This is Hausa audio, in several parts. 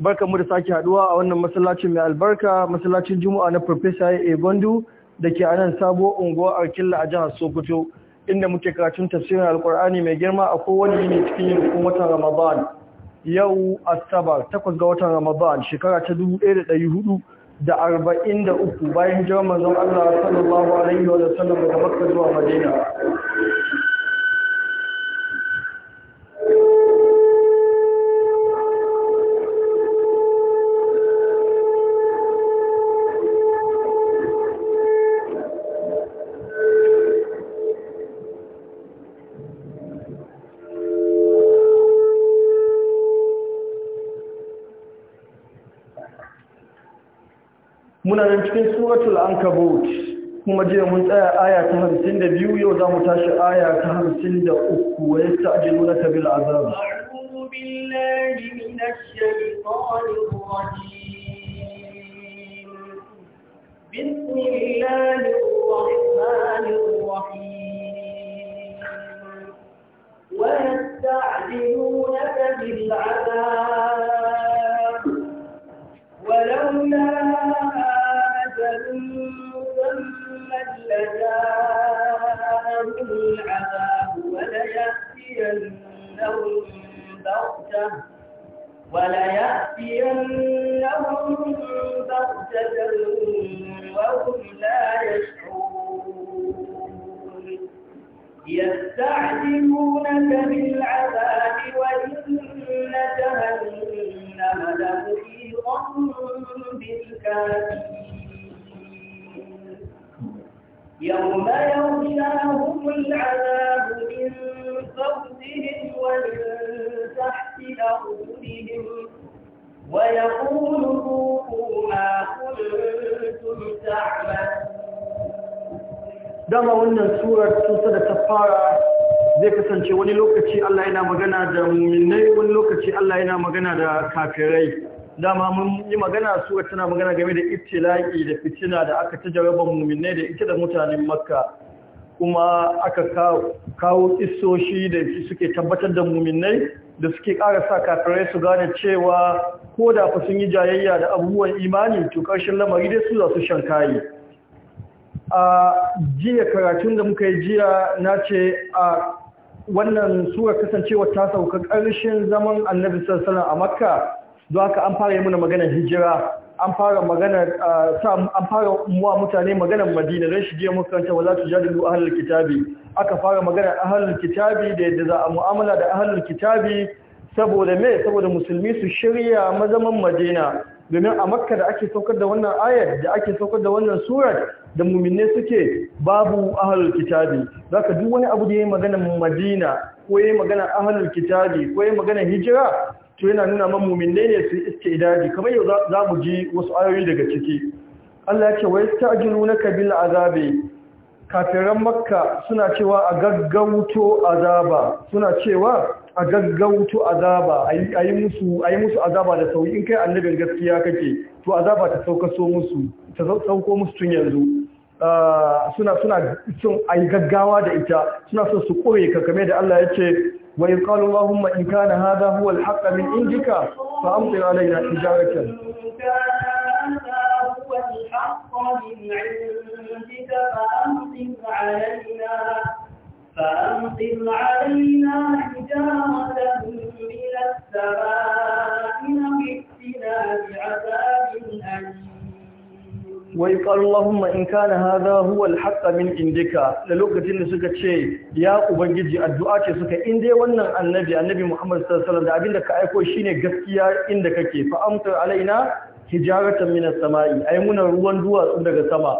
barka mu da sake haduwa a wannan masallacin mai albarka masallacin juma'a na professor ya gondu da ke anan sabo unguwar arkilla a jihar sokoto inda muke karatun tafsirin alkur'ani mai girma a kowane yini cikin yin hukun watan ramadan yau asabar takwas ga watan ramadan shekara ta dubu ɗaya da ɗari hudu da arba'in da uku bayan hijirar manzon allah sallallahu alaihi wa sallam daga makka zuwa madina muna nan cikin suratul ankabut kuma je mun tsaya aya ta 52 yau zamu tashi aya ta 53 wa yasta'jilunaka bil azab a'udhu billahi minash shaitanir rajim bismillahir لجاءهم العذاب وليأتينهم بغتة وليأتينهم بغتة وهم لا يشعرون يستعجلونك بالعذاب وإن جهنم لمحيطا بالكافرين يوم يغشاهم العذاب من فوقهم ومن تحت أرجلهم ويقول ذوقوا ما كنتم تعملون dama wannan surar tusa da ta fara zai kasance wani lokaci Allah yana magana da muminai wani lokaci Allah yana magana da kafirai dama mun yi magana sura tana magana game da ibtila'i da fitina da aka ta jaraba muminai da ita da mutanen makka kuma aka kawo isoshi da suke tabbatar da muminai da suke ƙara sa kafirai su gane cewa ko da ku sun yi jayayya da abubuwan imani to karshen lamari dai su za su shan kayi a jiya karatun da muka yi jiya na ce a wannan sura kasancewa ta sauka karshen zaman annabi sallallahu a makka don haka an fara yi muna maganar hijira an fara magana sa an fara muwa mutane maganar madina don shige makaranta wala tujadilu ahlul kitabi aka fara maganar ahlul kitabi da yadda za a mu'amala da ahlul kitabi saboda me saboda musulmi su shirya mazaman madina domin a makka da ake saukar da wannan ayat da ake saukar da wannan surat da muminne suke babu ahlul kitabi zaka duk wani abu da ya yi magana madina ko yayi magana ahlul kitabi ko yayi magana hijira to yana nuna man muminai ne su iske idadi kamar yau za mu ji wasu ayoyi daga ciki Allah ya ce wai ta'jilunaka kabila azabe. kafiran makka suna cewa a gaggauto azaba suna cewa a gaggauto azaba yi musu yi musu azaba da sauyi in kai annabin gaskiya kake to azaba ta sauka musu ta sauko musu tun yanzu ah, suna suna sun ayi gaggawa da ita suna so su kore ka da Allah ya ce وإذ قالوا اللهم إن كان هذا هو الحق من عندك فأمطر علينا حجارة فأمطر علينا حجارة من السماء نبتنا بعذاب أليم wai ƙarullahun in kana haza huwal haƙa min indika da lokacin da suka ce ya ubangiji addu'a ce suka inda wannan annabi annabi muhammadu sassalar da abinda ka aiko shi ne gaskiya inda kake fa'amtar alaina hijaratan minas sama'i aimuna ruwan duwatsu daga sama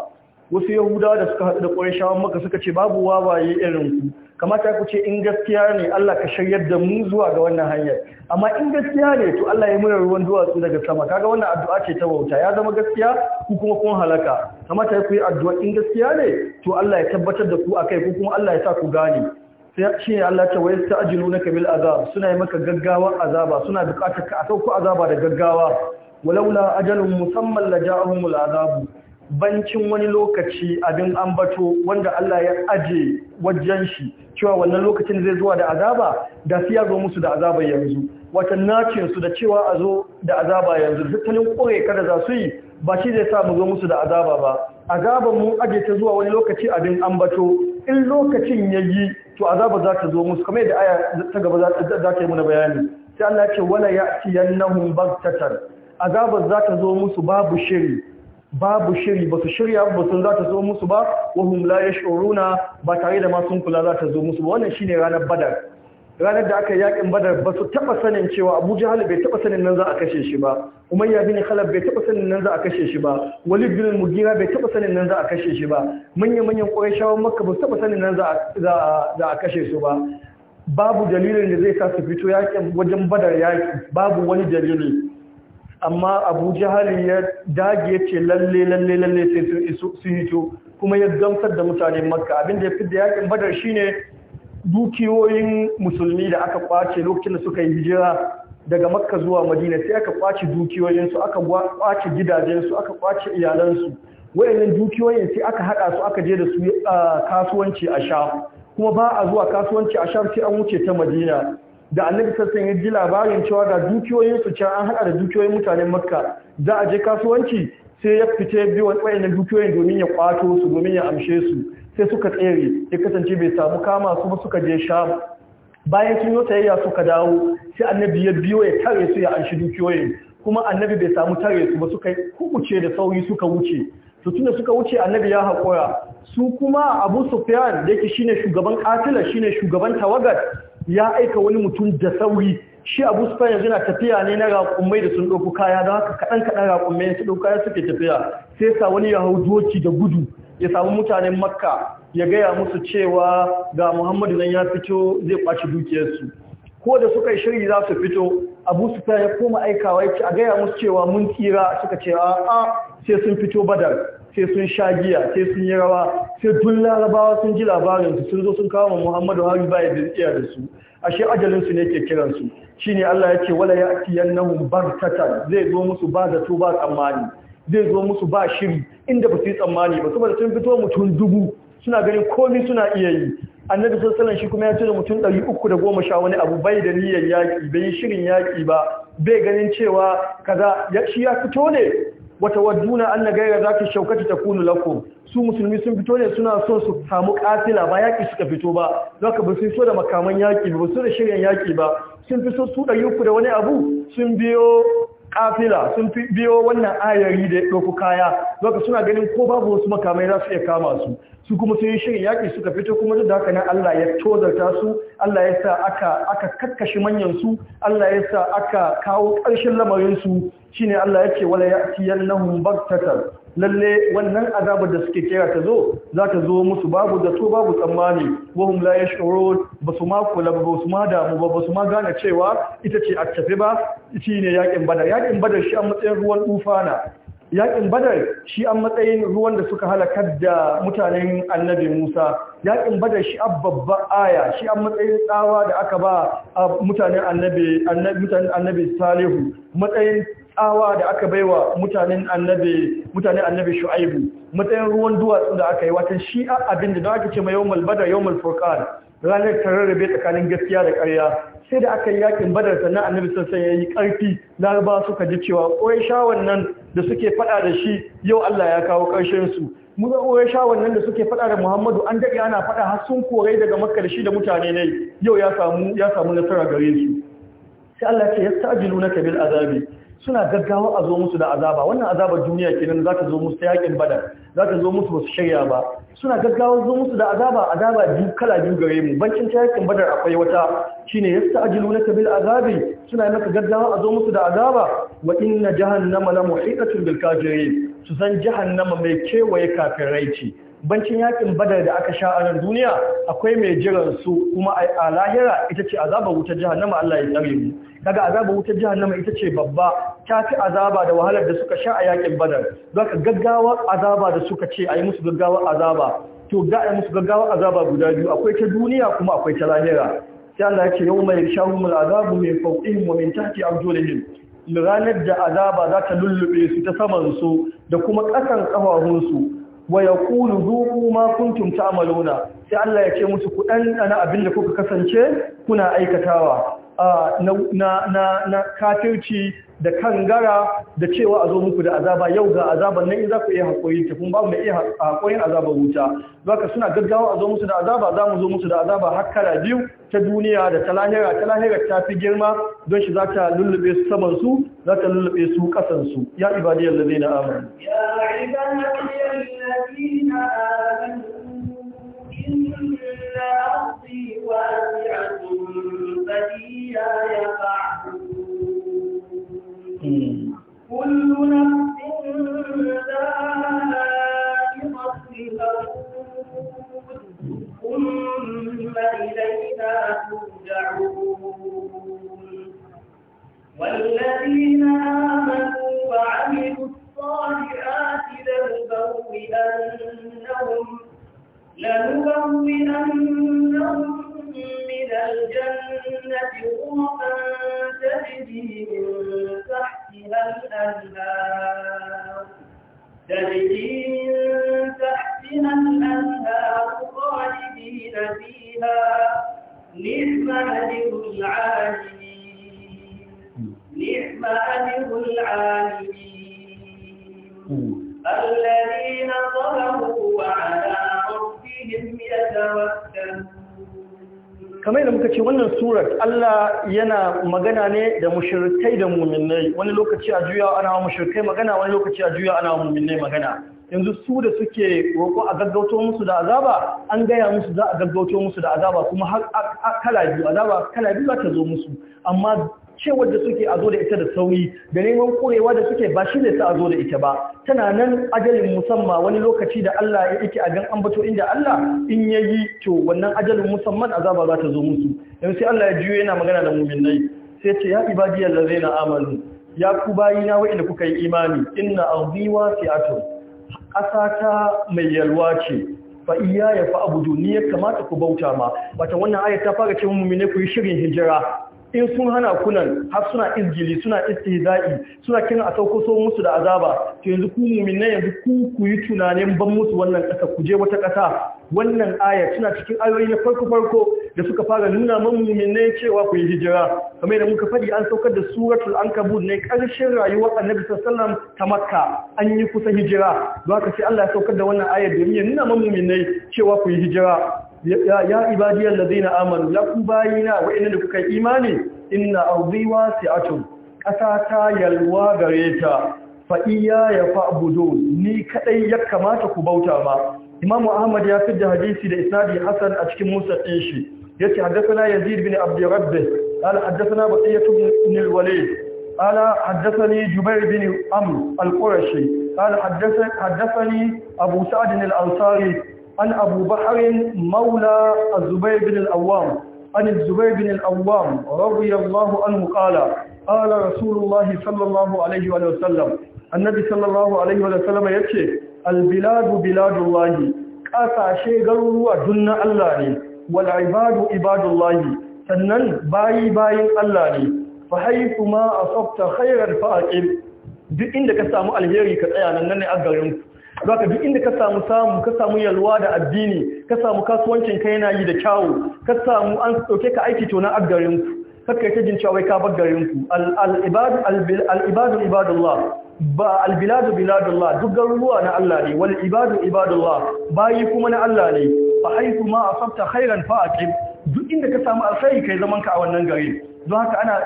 wasu yahudawa da suka haɗu da ƙwai shawon maka suka ce babu wawaye irin ku. kamata ku ce in gaskiya ne Allah ka shayar da mu zuwa ga wannan hanyar amma in gaskiya ne to Allah ya mura ruwan duwatsu daga sama kaga wannan addu'a ce ta wauta ya zama gaskiya ku kuma kun halaka kamata ku yi addu'a in gaskiya ne to Allah ya tabbatar da ku akai ku kuma Allah ya sa ku gane sai shi Allah ta wayar na bil azab suna yi maka gaggawa azaba suna bukatar ka a sauko azaba da gaggawa walaula ajalun musamman laja'ahumul azabu bancin wani lokaci abin ambato wanda Allah ya aje wajen shi cewa wannan lokacin zai zuwa da azaba da su ya zo musu da azaba yanzu wata su da cewa a zo da azaba yanzu tattalin kore kada za su yi ba shi zai sa mu zo musu da azaba ba azaban mu aje ta zuwa wani lokaci abin ambato in lokacin ya yi to azaba za ta zo musu kamar yadda aya ta gaba za ta yi mana bayani sai Allah ya ce wala ya'tiyannahum baghtatan azabar za ta zo musu babu shiri babu shiri ba su shirya ba sun za ta zo musu ba wahum la yash'uruna ba tare da masu kula za ta zo musu ba wannan shine ranar badar ranar da aka yakin badar ba su taba sanin cewa abu jahal bai taba sanin nan za a kashe shi ba umayya bin khalaf bai taba sanin nan za a kashe shi ba walid bin mugira bai taba sanin nan za a kashe shi ba manyan manyan qurayshawan makka ba su taba sanin nan za a kashe su ba babu dalilin da zai sa su fito yakin wajen badar yaki babu wani dalili amma abu hali ya dage ce lalle lalle lalle sai su hito kuma ya gamsar da mutane makka abinda ya fi da yakin badar shine dukiyoyin musulmi da aka kwace lokacin da suka yi hijira daga makka zuwa madina sai aka kwace dukiyoyinsu aka kwace gidajensu aka kwace iyalansu wayannan dukiyoyin sai aka hada su aka je da su ah, kasuwanci a sha kuma ba a zuwa kasuwanci a sha sai an wuce ta madina da annabi sassan ya ji labarin cewa da dukiyoyinsu can an haɗa da dukiyoyin mutanen makka za a je kasuwanci sai ya fice biyu na dukiyoyin domin ya kwato su domin ya amshe su sai suka tsere ya kasance bai samu kama su ba suka je sha bayan sun yi tsayayya suka dawo sai annabi ya biyo ya tare su ya amshi dukiyoyin kuma annabi bai samu tare su ba suka kubuce da sauri suka wuce to tunda suka wuce annabi ya haƙura su kuma abu sufyan da yake shine shugaban katila shine shugaban tawagar ya aika wani mutum da sauri shi abu sufyan yanzu na tafiya ne na raƙummai da sun ɗauku kaya don haka kaɗan kaɗan raƙummai sun ɗauku kaya suke tafiya sai sa wani ya hau doki da gudu ya samu mutanen makka ya gaya musu cewa ga muhammadu nan ya fito zai kwaci dukiyarsu ko da suka yi shiri za su fito abu su ya koma aikawa ya a gaya musu cewa mun tsira suka ce a a sai sun fito badar sai sun sha giya sai sun yi rawa sai tun larabawa sun ji labarinsu sun zo sun kawo muhammadu hari ba da tsiya da su ashe ajalinsu ne ke kiransu ne allah ya ce wala ya bar bartatan zai zo musu ba da ba tsammani zai zo musu ba shiri inda ba su yi tsammani ba saboda sun fito mutum dubu suna ganin komi suna iya yi annabi sallallahu alaihi shi kuma ya tura mutum sha wani abu bai da niyyar yaki bai yi shirin yaki ba bai ganin cewa kaza ya shi ya fito ne wata waduna anna gaira zaki ta kunu lakum su musulmi sun fito ne suna so su samu kafila ba yaki suka fito ba zaka ba sun so da makaman yaki ba su da shirin yaki ba sun fi so su yuku da wani abu sun biyo kafila sun biyo wannan ayari da ya ɗauku kaya zaka suna ganin ko babu wasu makamai za su iya kama su su kuma sun yi shirin yaƙi suka fito kuma duk da haka nan Allah ya tozarta su Allah ya sa aka aka kakkashi manyan su Allah ya sa aka kawo ƙarshen lamarin su shine Allah yake wala ya'tiyannahum baghtatan lalle wannan azabar da suke kira ta zo za ta zo musu babu da to babu tsammani wahum la yashurun basu ma kula ba su ma damu ba su ma gane cewa ita ce a tafi ba shine yaƙin badar yaƙin badar shi a matsayin ruwan tufana Yaƙin badar shi an matsayin ruwan da suka halakar da mutanen annabi musa Yaƙin badar shi an babba aya shi an matsayin tsawa da aka ba mutanen annabi salihu matsayin tsawa da aka baiwa mutanen annabi mutanen shu'aibu matsayin ruwan duwatsu da aka yi watan shi abin da aka ce mai yawon badar yawon furqan ranar ta rarrabe tsakanin gaskiya da ƙarya sai da aka yi yakin badar sannan annabi sassan ya yi ƙarfi laraba suka ji cewa ƙoyashawan nan da suke faɗa da shi yau Allah ya kawo su mu ga ƙoyashawan nan da suke faɗa da muhammadu an daɗe ana faɗa har sun korai daga makka da shi da mutane ne yau ya samu ya nasara gare su sai Allah ce na kabil azabi suna gaggawa a zo musu da azaba wannan azabar duniya kenan za ta zo musu ta yakin badar za ta zo musu basu shirya ba suna gaggawa zo musu da azaba azaba biyu kala biyu gare mu bancin ta yakin badar akwai wata shine yasta'jilunaka bil azabi suna maka gaggawa a zo musu da azaba wa inna jahannama la muhitatun bil kafirin su san jahannama mai kewaye kafirai ce bancin yakin badar da aka sha a nan duniya akwai mai jiran su kuma a lahira ita ce azabar wutar jahannama Allah ya tsare mu kaga azabar wutar jahannama ita ce babba ta fi azaba da wahalar da suka sha a yakin badar don ka gaggawar azaba da suka ce a yi musu gaggawar azaba to ga a yi musu gaggawar azaba guda biyu akwai ta duniya kuma akwai ta lahira sai Allah ya ce yau mai shahun azabu mai fauƙi wa min tahti arjulihim ranar da azaba za ta lullube su ta saman su da kuma ƙasan su wa kulu zuku ma kuntum ta'maluna sai Allah ya ce musu ku dan abin da kuka kasance kuna aikatawa ah, na na na kafirci da kan gara da cewa a zo muku da azaba yau ga azaban nan in za ku iya haƙoyin ta kuma babu mai iya haƙoyin azabar wuta zaka suna gaggawa a zo musu da azaba za mu zo musu da azaba har kala biyu ta duniya da ta lahira ta lahira ta fi girma don shi za ta lullube su saman su za ta lullube su kasan su ya ibadiyar da zai na amur ya ibadiyar da zai na amur كل نفس ذائقة الموت ثم إلينا ترجعون والذين magana ne da mushirkai da mu'minai wani lokaci a juya ana mushirkai magana wani lokaci a juya ana mu'minai magana yanzu su da suke roƙo a gaggauto musu da azaba an gaya musu za a gaggauto musu da azaba kuma har kala biyu azaba kala biyu za ta zo musu amma cewar da suke a zo da ita da sauri da neman kurewa da suke ba shi ne sa a zo da ita ba tana nan ajalin musamman wani lokaci da Allah ya yake a gan ambato inda Allah in yayi to wannan ajalin musamman azaba za ta zo musu dan sai Allah ya jiyo yana magana da mu'minai sai ce ya ibadiyal ladzina amanu ya ku bayina wa'inda kuka yi imani inna ardi ƙasa ta mai yalwa ce fa ya fa abudu ni ya kamata ku bauta ma wata wannan ayat ta fara cewa muminai ku yi shirin hijira in sun hana kunan har suna izgili suna istihza'i suna kiran a sauko so musu da azaba to yanzu ku mu'minna yanzu ku ku yi tunanin ban musu wannan kasa ku je wata kasa wannan aya tana cikin ayoyi na farko farko da suka fara nuna man mu'minna cewa ku yi hijira kamar da muka fadi an saukar da suratul ankabut ne karshen rayuwar annabi sallallahu alaihi wasallam ta makka an yi kusa hijira don haka sai Allah ya saukar da wannan aya domin ya nuna man mu'minna cewa ku yi hijira ya ibadiyar da zai na amanu ya ku bayina wa'inda da kuka imani ina arziwa si'atun ƙasa ta yalwa gare ta fa'iya ya fa'abudu ni kaɗai ya kamata ku bauta ba imamu ahmad ya fi da hadisi da isnadi hassan a cikin musa ɗinshi. ya ce haddasa yazid bin abdurrabbin ala haddasa na baƙiyyatu nilwale قال حدثني al بن عمرو القرشي قال حدثني أبو سعد الأنصاري an abu baharin maula a zubai bin al'awam an zubai bin al'awam rabu yallahu an muƙala. ala rasulullahi sallallahu alaihi wa sallam annabi sallallahu alaihi wa sallam ya ce albiladu biladullahi ƙasashe garuruwa na Allah ne wal ibadu ibadullahi sannan bayi bayin Allah ne fa haifu ma asabta khairan fa'aqib duk inda ka samu alheri ka tsaya nan ne a garin za ka duk inda ka samu samu ka samu yalwa da addini ka samu kasuwancin ka yana yi da kyawu ka samu an ɗauke ka aiki to na agarin ku kakka ta jin cewa ka bar garin ku al-ibadu ibadullah ba al-biladu biladullah duk garuruwa na Allah ne wal ibadu ibadullah bayi kuma na Allah ne fa haythu ma asabta khairan fa aqim duk inda ka samu alkhairi kai zaman ka a wannan gari don haka ana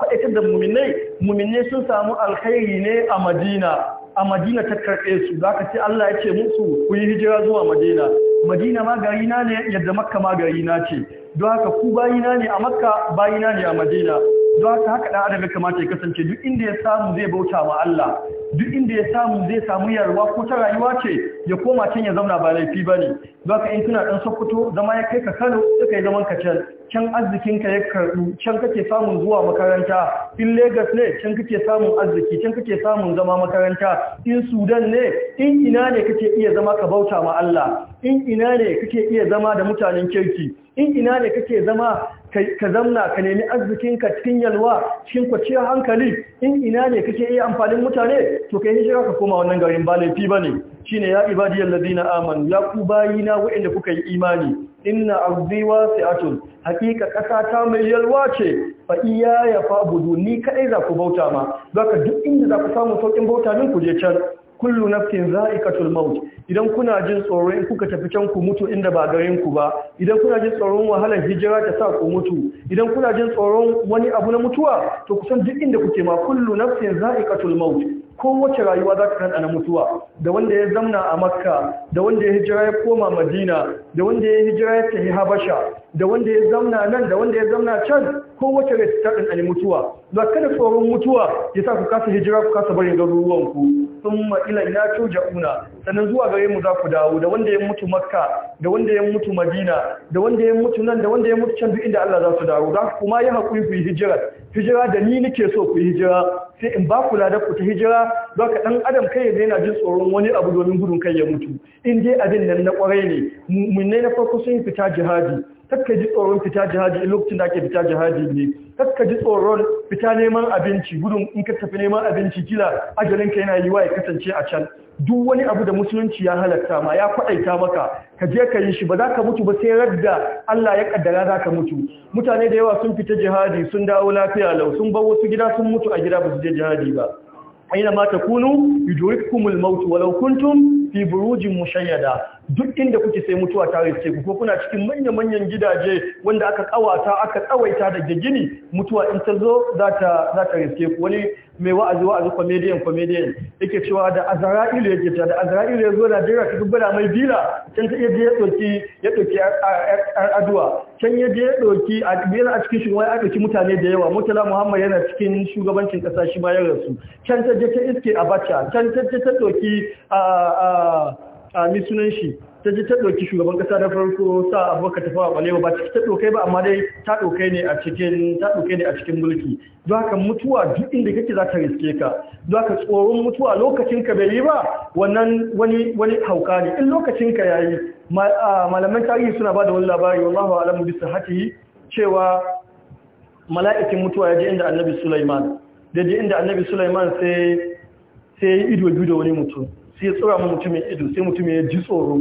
faɗaitar da muminai muminai sun samu alkhairi ne a Madina a madina ta karɓe su za ka ce Allah ya ce musu ku yi hijira zuwa madina madina ma na ne yadda makka ma na ce don haka ku na ne a makka na ne a madina don haka haka ɗan adam ya kamata ya kasance duk inda ya samu zai bauta ma Allah duk inda ya samu zai samu yarwa ko ta rayuwa ce ya koma can ya zauna ba laifi ba ne don haka in kuna ɗan sokoto zama ya kai ka kano suka yi zaman ka can can arzikinka ya karɓi can kake samun zuwa makaranta in Legas ne can kake samun arziki can kake samun zama makaranta in Sudan ne in ina ne kake iya zama ka bauta ma Allah in ina ne kake iya zama da mutanen kirki in ina ne kake zama ka zamna ka nemi arzikinka cikin yalwa cikin kwanciyar hankali in ina ne kake iya amfanin mutane to kai hijira ka koma wannan garin ba laifi bane shine ya ibadiyal ladina amanu ya ku bayina wa'anda kuka yi imani inna wa wasi'atun hakika ƙasa ta mai yalwa ce fa ya fa'budu ni kai za ku bauta ma zaka duk inda za ku samu saukin bauta min ku je can kullu nafsin za'iqatul maut idan kuna jin tsoro in kuka tafi can ku mutu inda ba garin ku ba idan kuna jin tsoron wahalar hijira ta sa ku mutu idan kuna jin tsoron wani abu na mutuwa to kusan duk inda kuke ma kullu nafsin za'iqatul maut kowace rayuwa za ka na mutuwa da wanda ya zamna a makka da wanda ya hijira ya koma madina da wanda ya hijira ya tafi habasha da wanda ya zamna nan da wanda ya zamna can kowace rai ta ɗan mutuwa ba kada tsoron mutuwa ya sa ku kasa hijira ku kasa barin garuruwanku sun ma'ila ina coja una sannan zuwa gare mu za ku dawo da wanda ya mutu makka da wanda ya mutu madina da wanda ya mutu nan da wanda ya mutu can duk inda Allah za su dawo za ku kuma yi haƙuri ku yi hijira hijira da ni nake so ku yi hijira sai in ba ku ladar ku ta hijira za ka ɗan adam kai ya daina jin tsoron wani abu domin gudun kai ya mutu in dai abin nan na kwarai ne mummune na farko sun fita jihadi kakka ji tsoron fita jihadi in lokacin da ake fita jihadi ne kakka ji tsoron fita neman abinci gudun in ka tafi neman abinci kila ajalin ka yana yiwa ya kasance a can duk wani abu da musulunci ya halatta ma ya kwaɗaita maka ka je ka yi shi ba za ka mutu ba sai radda Allah ya kaddara za ka mutu mutane da yawa sun fita jihadi sun dawo lafiya lau sun bar wasu gida sun mutu a gida ba su je jihadi ba aina ma takunu yudrikkumul maut walau kuntum fi burujin mushayyada duk inda kuke sai mutuwa ta rufe ku ko kuna cikin manya-manyan gidaje wanda aka kawata aka tsawaita da gini mutuwa in ta zo za ta za ta ku wani mai wa'azi wa'azi comedian comedian yake cewa da azra'ilu yake cewa da azra'ilu ya zo Najeriya ta dubbala mai bila can ta je ya doki ya doki aduwa can ya je ya doki a bila a cikin shugaban ya ɗauki mutane da yawa mutala muhammad yana cikin shugabancin kasa shi ma ya rasu can ta je ta iske abacha can ta je ta doki a a mi sunan shi ta ji ta ɗauki shugaban ƙasa da farko sa abubakar tafawa ɓalewa ba ciki ta ɗaukai ba amma dai ta ɗaukai ne a cikin ta ɗaukai ne a cikin mulki don haka mutuwa duk inda kake za ta riske ka don haka tsoron mutuwa lokacin ka bai yi ba wannan wani wani hauka ne in lokacin ka yayi malaman tarihi suna ba da wani labari wallahu alamu bisa hatihi cewa mala'ikin mutuwa ya je inda annabi Sulaiman da je inda annabi Sulaiman sai sai ido biyu da wani mutum sai ya tsura mutumin ido sai mutumin ya ji tsoro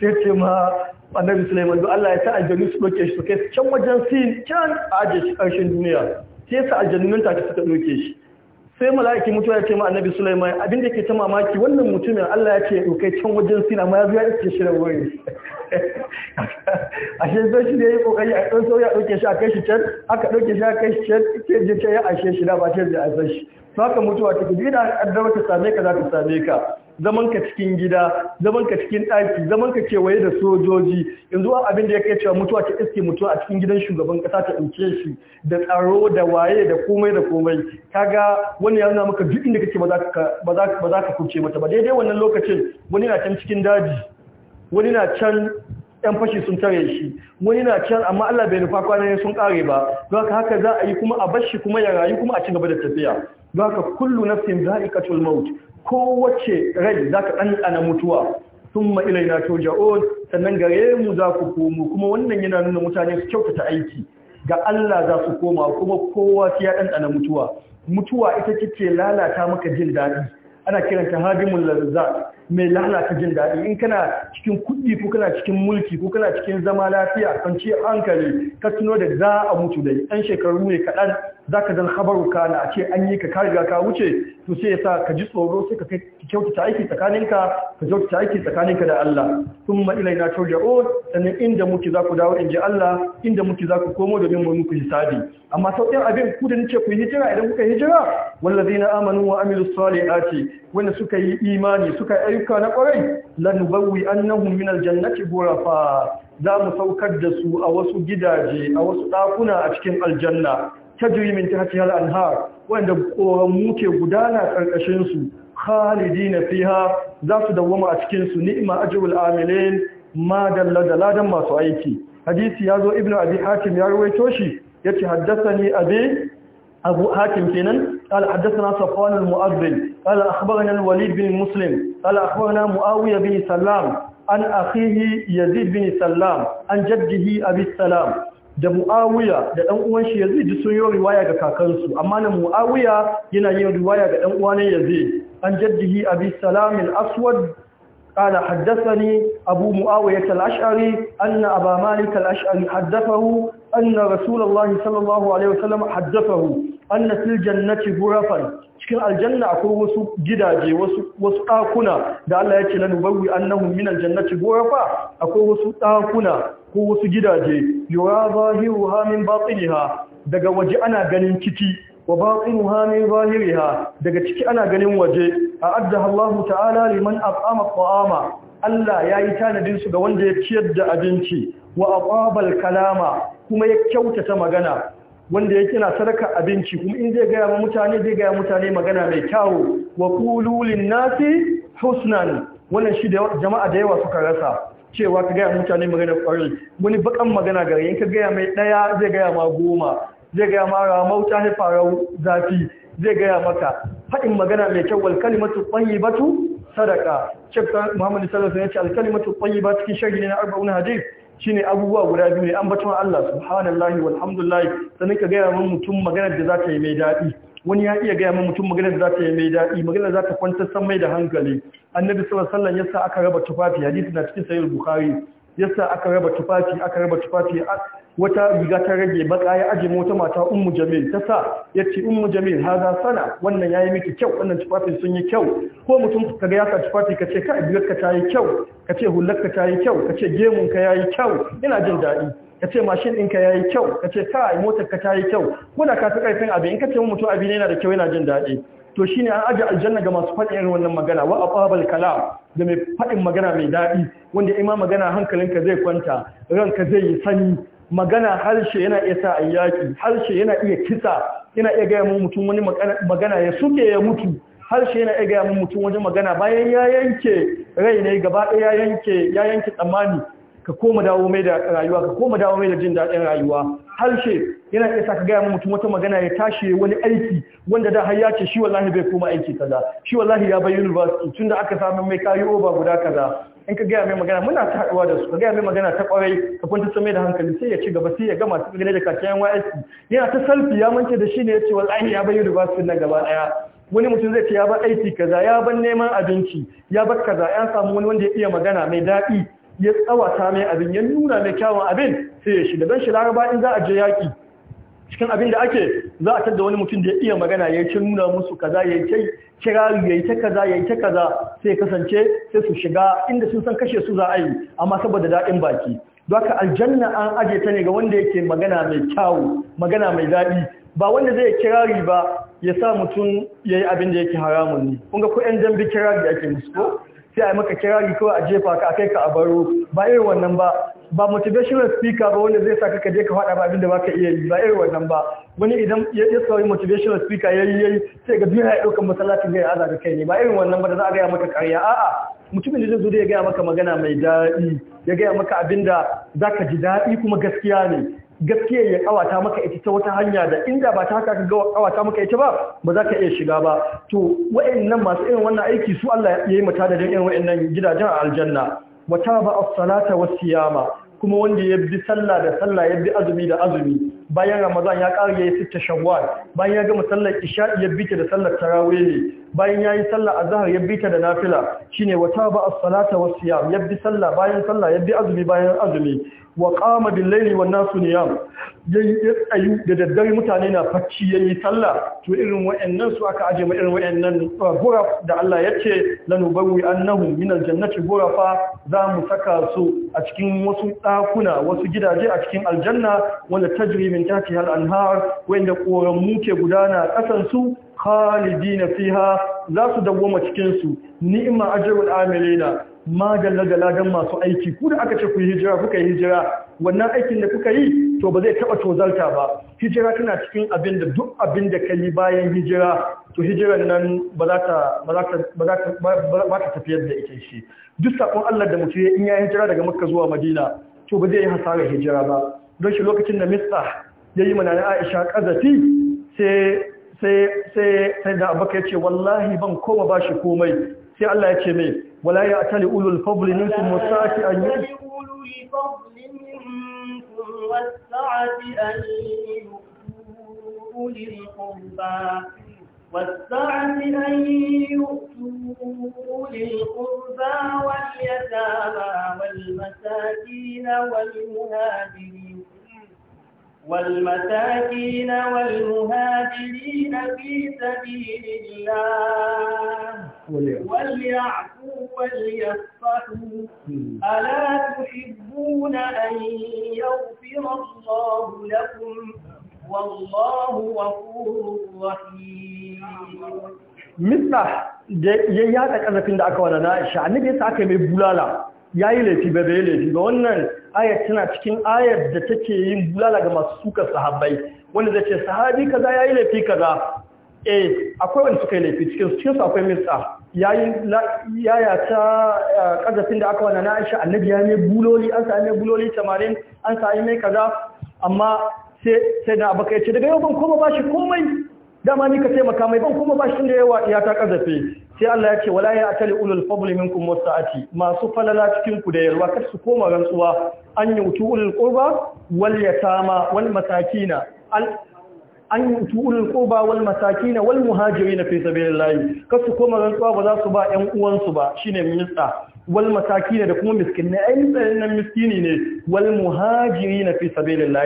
sai ce ma annabi Sulaiman don Allah ya sa aljanu su doke shi su kai can wajen sin can a aje shi ƙarshen duniya sai sa nan take suka doke shi sai mala'iki mutuwa ya ce ma annabi Sulaiman abin da ke ta mamaki wannan mutumin Allah ya ce kai can wajen sin amma ya zo ya iske shi da wuri shi sai shi da yayi kokari a dan sauya doke shi a kai shi can aka doke shi a kai shi can ke je ce ya ashe shi da ba ce da ashe shi saka mutuwa take dina addaba ta same ka za ta same ka zaman ka cikin gida zaman ka cikin ɗaki zaman ka kewaye da sojoji yanzu abin da ya kai cewa mutuwa ta iske mutuwa a cikin gidan shugaban ƙasa ta ɗauke shi da tsaro da waye da komai da komai kaga wani ya nuna maka duk inda kake ba za ka kuce mata ba daidai wannan lokacin wani na can cikin daji wani na can yan fashi sun tare shi wani na can amma Allah bai nufa kwanan sun kare ba don haka za a yi kuma a bar kuma ya rayu kuma a ci gaba da tafiya don haka kullu nafsin za'iqatul maut kowace rai za ka ɗanɗana mutuwa sun ma'ilai na on sannan gare mu za ku komo kuma wannan yana nuna mutane su kyautata aiki ga Allah za su koma kuma kowa ya ɗanɗana mutuwa mutuwa ita ce lalata maka jin daɗi ana kiranta hadimun larzak mai lalata jin daɗi in kana cikin kuɗi ko kana cikin mulki ko kana cikin zama lafiya kwanciyar hankali ka tuno da za a mutu da ɗan shekaru ne kaɗan za ka zan ka na a ce an yi ka kariga ka wuce to sai ya sa ka ji tsoro sai ka kyautata aiki tsakaninka ka kyautata aiki tsakaninka da Allah sun ma'ilai na o sannan inda muke za ku dawo in ji Allah inda muke za ku komo domin mu muku hisabi amma sauƙin abin ku da nace ku yi hijira idan kuka hijira wallazina amanu wa amilus salihati wanda suka yi imani suka ayyuka na kwarai lanubawi annahum min aljannati ghurafa za mu saukar da su a wasu gidaje a wasu dakuna a cikin aljanna tajri min tahtiha al-anhar wanda koramu ke gudana karkashin su khalidina fiha za su dawwama a cikin su ni'ma ajrul amilin ma dalla daladan masu aiki hadisi yazo ibnu abi hatim ya rawaito shi yace haddathani abi أبو حاكم كينان قال حدثنا صفوان المؤذن قال أخبرنا الوليد بن مسلم قال أخبرنا مؤاوية بن سلام عن أخيه يزيد بن سلام عن جده أبي السلام da mu'awiya da ɗan uwan shi yazid sun yi riwaya ga kakansu amma na mu'awiya yana yin riwaya ga ɗan uwanan yanzu an jaddihi abi salam aswad qala haddathani abu mu'awiya al-ash'ari anna aba malik al-ash'ari haddathahu anna rasulullahi sallallahu alaihi wasallam haddathahu anna fil jannati ghurafan cikin aljanna akwai wasu gidaje wasu wasu dakuna da Allah ya ce lan bawi annahum min aljannati ghurafa akwai wasu dakuna ko wasu gidaje yura zahiruha min batiniha daga waje ana ganin ciki wa batinuha min zahiriha daga ciki ana ganin waje adda Allahu ta'ala liman at'ama at'ama Allah ya yi tanadin su ga wanda ya ciyar da abinci wa aqabal kalama kuma ya kyautata magana wanda yake na sadaka abinci kuma in zai gaya mutane zai gaya mutane magana mai kyau wa kululin nasi husnan wannan shi da jama'a da yawa suka rasa cewa ka gaya mutane magana kwarai wani bakan magana gare in ka gaya mai daya zai gaya ma goma zai gaya ma ramau ta farau zafi zai gaya maka haɗin magana mai kyau wal kalimatu tayyibatu sadaka shekka muhammadu sallallahu alaihi wasallam ya ce al kalimatu tayyibatu cikin ne na 40 hadith shine abubuwa guda biyu ne ambaton Allah subhanallahi walhamdulillah sannan ka gaya min mutum maganar da za ta yi mai daɗi wani ya iya gaya min mutum maganar da za ta yi mai daɗi maganar za ta kwantar san mai da hankali annabi sallallahu alaihi wasallam yasa aka raba tufafi hadisi na cikin sahih bukhari yasa aka raba tufafi aka raba tufafi wata riga ta rage baka ya aje mota mata ummu jamil ta sa yace ummu jamil haza sana wannan yayi miki kyau wannan tufafi sun yi kyau ko mutum kaga ya sa tufafi kace ka biyar ka tayi kyau kace hullar ka tayi kyau kace gemun ka yayi kyau ina jin dadi kace mashin ka yayi kyau kace kai motar ka tayi kyau kuna ka ta karfin abin in kace mutum abin yana da kyau yana jin dadi to shine an aje aljanna ga masu faɗin irin wannan magana wa aqabal kalam da mai faɗin magana mai daɗi wanda ima magana hankalinka zai kwanta ranka zai yi sani magana harshe yana iya sa ayyaki harshe yana iya kisa yana iya gaya mu mutum wani magana ya suke ya mutu harshe yana iya gaya mu mutum wajen magana bayan ya yanke rai ne gaba ɗaya ya yanke ya yanke tsammani ka koma dawo mai da rayuwa ka koma dawo mai da jin daɗin rayuwa harshe yana iya ka gaya mutum wata magana ya tashi wani aiki wanda da har ya ce shi wallahi bai koma aiki kaza shi wallahi ya bai university tun da aka samu mai kayi oba guda kaza in ka gaya mai magana muna ta haɗuwa da su ka gaya mai magana ta ƙwarai ka kwanta mai da hankali sai ya ci gaba sai ya gama su gane da kaciyan ysc yana ta salfi ya mance da shi ne ya ce wallahi ya bai university na gaba ɗaya wani mutum zai ce ya bar aiki kaza ya bar neman abinci ya bar kaza ya samu wani wanda ya iya magana mai daɗi ya tsawata mai abin ya nuna mai kyawun abin sai ya shiga ban shi laraba in za a je yaƙi cikin abin da ake za a da wani mutum da ya iya magana ya ce nuna musu kaza ya ce kirari ya yi ta kaza ya yi ta kaza sai ya kasance sai su shiga inda sun san kashe su za a yi amma saboda daɗin baki Doka aljanna an aje ta ne ga wanda yake magana mai kyawu magana mai daɗi ba wanda zai kirari ba ya sa mutum ya yi abin da yake haramun ne kun ga ko 'yan dambe kirari ake musu ko sai a maka kirari kawai a jefa ka kai ka a baro ba irin wannan ba ba motivational speaker ba wanda zai saka ka je ka faɗa ba abinda baka iya yi ba irin wannan ba wani idan ya sauri motivational speaker ya yi yayi sai ga duniya ya ɗauka masallacin zai aza da kai ne ba irin wannan ba da za a gaya maka ƙarya a'a mutumin da zai zo ya gaya maka magana mai daɗi ya gaya maka abinda zaka ji daɗi kuma gaskiya ne gaskiya ya kawata maka ita ta wata hanya da inda ba ta haka ka ga kawata maka ita ba ba za ka iya shiga ba to wayannan masu irin wannan aiki su Allah ya yi mata da irin wayannan gidajen a aljanna wata ba as-salata was-siyama kuma wanda ya bi sallah da sallah ya bi azumi da azumi bayan ramadan ya kara ya yi sitta shawwal bayan ya gama sallar isha'i ya bita da sallar tarawih bayan ya yi sallar zahar ya bita da nafila shine wata ba as-salata was-siyam ya bi sallah bayan sallah ya bi azumi bayan azumi wa qama bil-layli wan-nasu niyam yayi da daddare mutane na facci yayi sallah to irin wayannan su aka aje ma irin wayannan uh, gura da Allah yace lanubawi annahum min al-jannati gurafa za mu saka su a cikin wasu dakuna wasu gidaje a cikin aljanna wanda tajri min min tafi hal anhar wanda koran muke gudana a su khalidina fiha za su dawoma cikin su ni'ma ajrul amilina ma dalla ladan masu aiki ku da aka ce ku hijira kuka yi hijira wannan aikin da kuka yi to ba zai taba tozalta ba hijira tana cikin abin da duk abin da kai bayan hijira to hijiran nan ba ta ba za tafiyar da ita shi duk sakon Allah da mutum in ya hijira daga Makka zuwa Madina to ba zai yi hasarar hijira ba don shi lokacin da Mista ya yi manana aisha ƙazafi sai da abaka ya ce wallahi ban koma ba shi komai sai Allah ya ce mai wala a tali ulul fabli minkum wasa'ati an yi والسعة أن يؤتوا أولي القربى واليتامى والمساكين والمساكين والمهاجرين في سبيل الله وليعفوا وليصفحوا ألا تحبون أن يغفر الله لكم والله غفور رحيم مثل ya yada kazafin da aka wada na Aisha annabi yasa aka mai bulala ya yi laifi ba bai laifi ba wannan ayar tana cikin ayar da take yin bulala ga masu suka sahabbai wanda zai ce sahabi kaza ya yi laifi kaza eh akwai wani suka yi laifi cikin cikin akwai mista yayin yaya ta kazafin eh, da aka wana na Aisha annabi ya ne buloli an sami buloli tamarin an sami mai kaza amma sai sai da abaka ce daga yau ban koma shi komai dama ni ka taimaka mai ban kuma bashin da yawa ya ta kazafe sai Allah ya ce wala ya atali ulul fadl minkum wasa'ati masu falala cikin ku da yalwa kar su koma rantsuwa an yutu ulul qurba wal yatama wal masakina an yutu ulul qurba wal masakina wal muhajirin fi sabilillah kar su koma rantsuwa ba za su ba 'yan uwansu ba shine minista wal ne da kuma miskinai ai nan miskini ne wal na fi sabilillah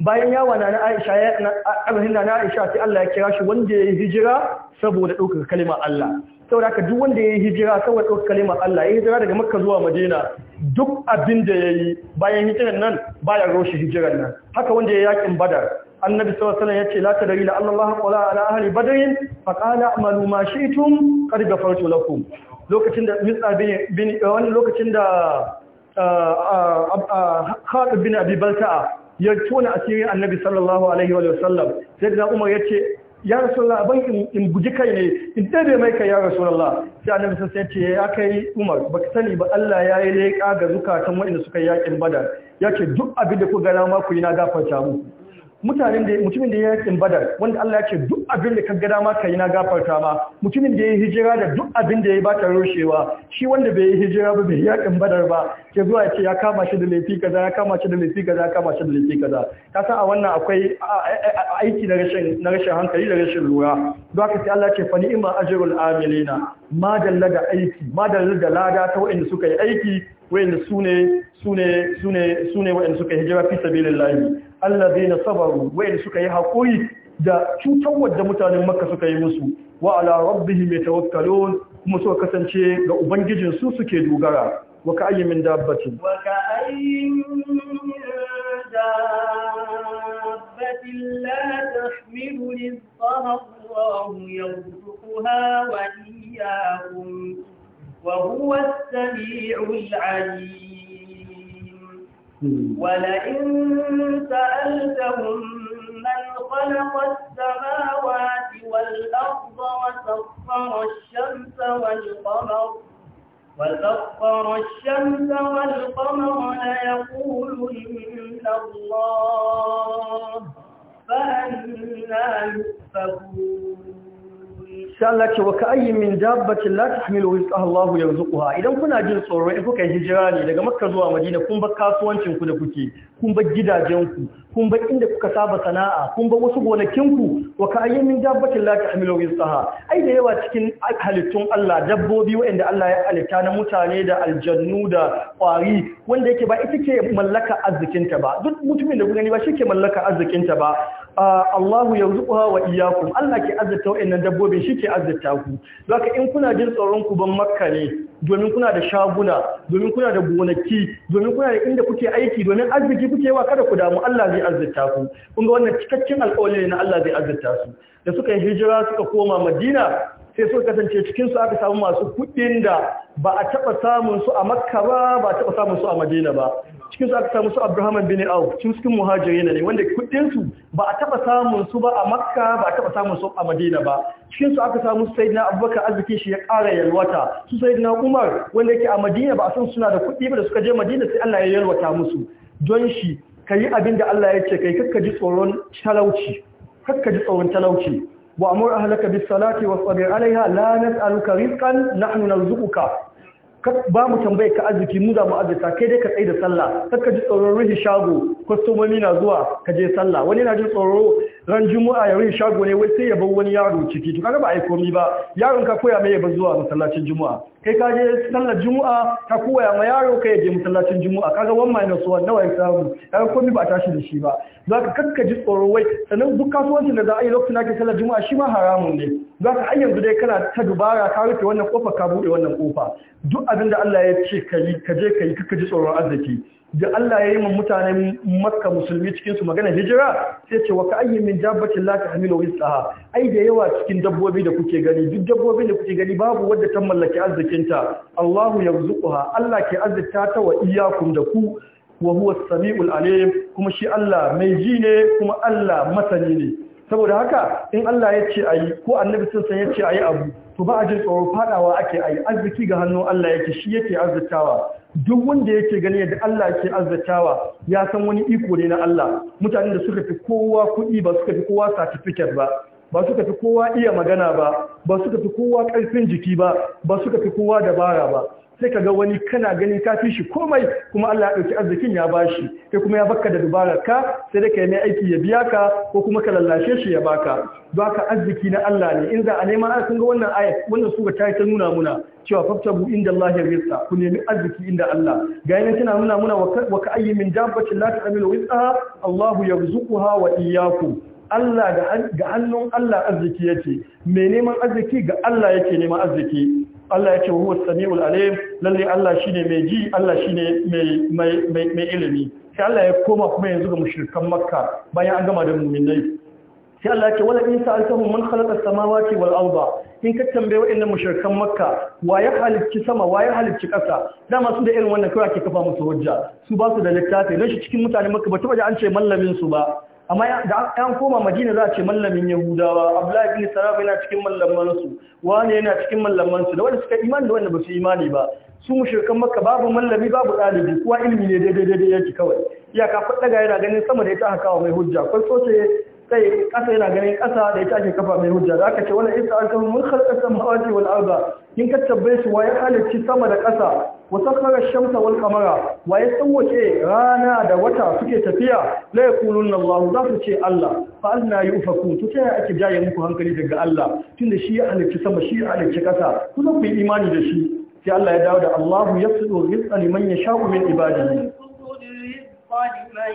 bayan yawa na Aisha ya na Aisha sai Allah ya kira shi wanda ya hijira saboda ɗaukar kalimar Allah saboda haka duk wanda ya yi hijira saboda ɗaukar kalima Allah ya hijira daga Makka zuwa Madina duk abin da ya yi bayan hijiran nan baya roshi hijiran nan haka wanda ya yakin Badar annabi sallallahu alaihi wasallam yace la tadri la Allah qala ala ahli badrin fa a'malu ma shi'tum qad ghafartu lakum lokacin da mitsa bin wani lokacin da uh, uh, uh, haɗu bin abi balta'a ya tona asirin annabi sallallahu alaihi wa sallam sai da umar ya ce ya rasulullah ban in buji kai ne in dabe mai kai ya rasulullah sai annabi sai ya ce ya kai umar baka sani ba Allah ya yi leƙa ga zukatan waɗanda suka yi yakin badar ya ce duk abin da ku gana ma ku yi na gafarta muku mutanen da mutumin da ya yakin badar wanda Allah ya ce duk abin da ka ga dama kai na gafarta ma mutumin da ya yi hijira da duk abin da ya ba ta roshewa shi wanda bai yi hijira ba bai yakin badar ba ke zuwa ce ya kama shi da laifi kaza ya kama shi da laifi kaza ya kama shi da laifi kaza ka san a wannan akwai aiki na rashin na rashin hankali da rashin lura don haka sai Allah ya ce fa ni'ma ajrul amilina ma dalla da aiki ma dalla da lada ta wanda suka yi aiki wa'anda sune sune sune sune wanda suka hijira fi sabilillah allazi na sabaru wayanda suka yi haƙuri da cutar wadda mutanen makka suka yi musu wa ala mai yatawakkalun kuma suka kasance ga ubangijin su suke dogara wa ka ayyin dabbatin wa ka ayyin ولئن سألتهم من خلق السماوات والأرض وسخر الشمس والقمر وسخر الشمس والقمر ليقولن الله فأنا يؤفكون sai Allah ce wa ka'ayyin min dabbatin la tahmilu rizqaha Allahu yarzuquha idan kuna jin tsoro in kuka yi hijira ne daga Makka zuwa Madina kun bar kasuwancin ku da kuke kun bar gidajen ku kun bar inda kuka saba sana'a kun bar wasu gonakin ku wa ka'ayyin min dabbatin la tahmilu rizqaha ai da yawa cikin halittun Allah dabbobi wanda Allah ya halitta na mutane da aljannu da kwari wanda yake ba ita ke mallaka arzikin ba duk mutumin da kuka gani ba shi ke mallaka arzikin ta ba Ah, Allahu yarzuquha wa iyyakum Allah ke azzata wa'annan dabbobin shi ke azzata ku zaka in kuna jin tsoronku ku ban makka ne domin kuna da shaguna domin kuna da gonaki domin kuna da inda kuke aiki domin arziki kuke wa kada ku damu Allah zai azzata ku kun wannan cikakken alƙawari ne na Allah zai azzata su da suka yi hijira suka koma Madina sai suka kasance cikinsu aka samu masu kuɗin da ba a taɓa samun su a makka ba ba a taɓa samun su a madina ba cikin su aka samu su Abraham bin Auf cikin cikin muhajirin ne wanda kudin su ba a taba samun su ba a Makka ba a taba samun su a Madina ba cikin su aka samu Sayyidina Abubakar arziki shi ya ƙara yalwata su Sayyidina Umar wanda yake a Madina ba a san suna da kuɗi ba da suka je Madina sai Allah ya yalwata musu don shi kayi abin da Allah ya ce kai kakka ji tsoron talauci kakka tsoron talauci wa amur ahlaka bis salati wasbir alaiha la nas'aluka rizqan nahnu narzuquka ba mu tambaye ka arziki mu za mu arzika kai dai ka tsaye da sallah kar ka ji tsoron ruhi shago kwastomomi na zuwa kaje sallah wani na jin tsoro ran juma'a ya rin shago ne wai sai ya bar wani yaro ciki to kaga ba ai komi ba yaron ka koya mai ya bar zuwa masallacin juma'a kai ka je sallar juma'a ka koya ma yaro kai ya je masallacin juma'a kaga wan minus one nawa ya samu kaga komi ba a tashi da shi ba zaka kakka ji tsoro wai sanan duk kasuwancin da za a yi lokacin da ake sallar juma'a shi ma haramun ne zaka har yanzu dai kana ta dubara ka rufe wannan kofa ka bude wannan kofa duk abin da Allah ya ce ka yi ka je ka yi kakka ji tsoron arziki da Allah ya yi mun mutanen makka musulmi cikin su magana hijira sai ce wa ka'ayyi min dabbatin la tahmilu rizqaha ai da yawa cikin dabbobi da kuke gani duk dabbobin da kuke gani babu wadda ta mallaki arzikinta Allahu yarzuquha Allah ke arzikta ta wa iyyakum da ku wa huwa as-sami'ul alim kuma shi Allah mai ji ne kuma Allah masani ne saboda haka in Allah ya ce ayi ko annabi sun san ya ce ayi abu to ba a jin tsoro fadawa ake ayi arziki ga hannun Allah yake shi yake arzikawa duk wanda yake gani yadda Allah yake arzikawa ya san wani iko ne na Allah mutanen da suka fi kowa kuɗi ba suka fi kowa certificate ba ba suka fi kowa iya magana ba ba suka fi kowa ƙarfin jiki ba ba suka fi kowa dabara ba sai ka ga wani kana gani ka fi shi komai kuma Allah ya ɗauki arzikin ya bashi kai kuma ya baka da dubarar ka sai dai ka yi mai aiki ya biya ka ko kuma ka lallashe shi ya baka don haka arziki na Allah ne in za a neman arzikin ga wannan ayat wannan sura ta yi ta nuna muna cewa bu inda Allah ya rizqa ku nemi arziki inda Allah ga yana tana nuna muna wa ka ayyi min dabbatin la ta'milu Allah Allahu yarzuquha wa iyyakum Allah ga hannun Allah arziki yake mai neman arziki ga Allah yake neman arziki Allah ya ce huwa samiul alim lalle Allah shine mai ji Allah shine mai mai mai ilimi sai Allah ya koma kuma yanzu ga mushrikan Makka bayan an gama da mu'minai sai Allah ya ce wala in sa'altahum man khalaqa samawati wal arda in ka tambaye wa'annan mushrikan Makka wa ya halicci sama wa ya halicci ƙasa dama su da irin wannan kawai ke kafa musu hujja su ba su da littafi dan shi cikin mutane Makka ba taba an ce mallamin su ba amma da an koma madina za a ce mallamin yahudawa abdullahi ibn sarab yana cikin mallamansu wani yana cikin mallamansu da wanda suka imani da wanda ba su imani ba su mushrikan makka babu mallami babu ɗalibi kuwa ilmi ne daidai daidai yake kawai iyaka fadaga yana ganin sama da ita aka kawo mai hujja so ce sai kasa yana ganin kasa da ita ake kafa mai hujja da aka ce wala isa alkahu mun khalqa samawati wal arda in ka tabbaisu wa ya halicci sama da kasa وسخر الشمس والقمر ويسوكي رانا دا وتا سكي تفيا لا يقولون الله ذات شيء الله فأنا يؤفكون تتيا أكي جاي مكو هنكلي دقاء الله تند شيء على الكسام شيء على الكسا كلهم بإيمان دا شيء سي الله يداود الله يفسد الرزق لمن يشاء من عباده لمن يشاء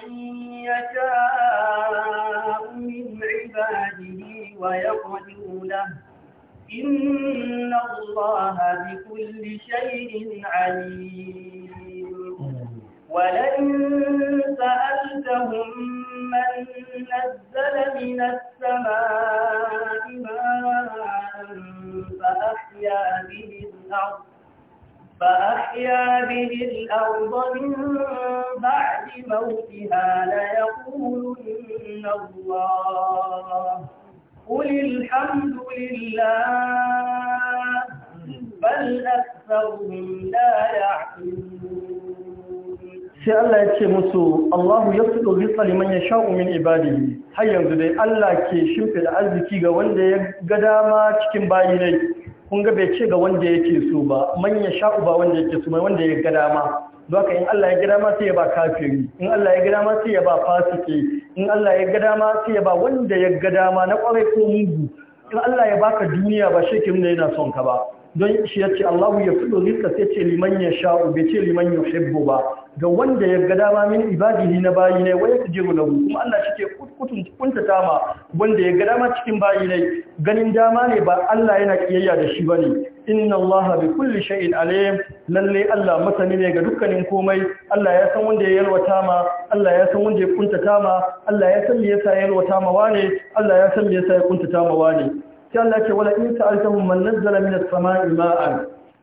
من عباده ويقدر له إن الله بكل شيء عليم ولئن سألتهم من نزل من السماء ماء فأحيا به الأرض فأحيا به الأرض من بعد موتها ليقولن الله قل الحمد لله بل أكثرهم لا يعقلون sai Allah ya ce musu Allahu yasudu rizqa liman yasha'u min ibadihi har yanzu dai Allah ke shimfida arziki ga wanda ya ga dama cikin bayi ne kun ga bai ce ga wanda yake so ba man yasha'u ba wanda yake so mai wanda ya ga dama Baka in Allah ya gada ma sai ya ba kafiri, in Allah ya gada ma sai ya ba fasike, in Allah ya gada ma sai ya ba wanda ya gada ma na kwarai ko mugu. In Allah ya baka duniya ba shi da yana son ka ba. Don shi ya ce Allahu ya fi fudo ka sai ce liman ya sha'u bai ce liman ya hibbu ba. Ga wanda ya gada ma min ibadihi na bayi ne wai su jiru mu kuma Allah shi ke kutun kunta tama wanda ya gada ma cikin bayi ne ganin dama ne ba Allah yana kiyayya da shi ba ne. inna Allah bi kulli shay'in alim lalle Allah masani ne ga dukkanin komai Allah ya san wanda ya yalwata ma Allah ya san wanda ya kuntata ma Allah ya san me yasa ya yalwata ma wane Allah ya san me yasa ya kuntata ma wane sai Allah ce wala in sa'altahum man nazzala min as-sama'i ma'an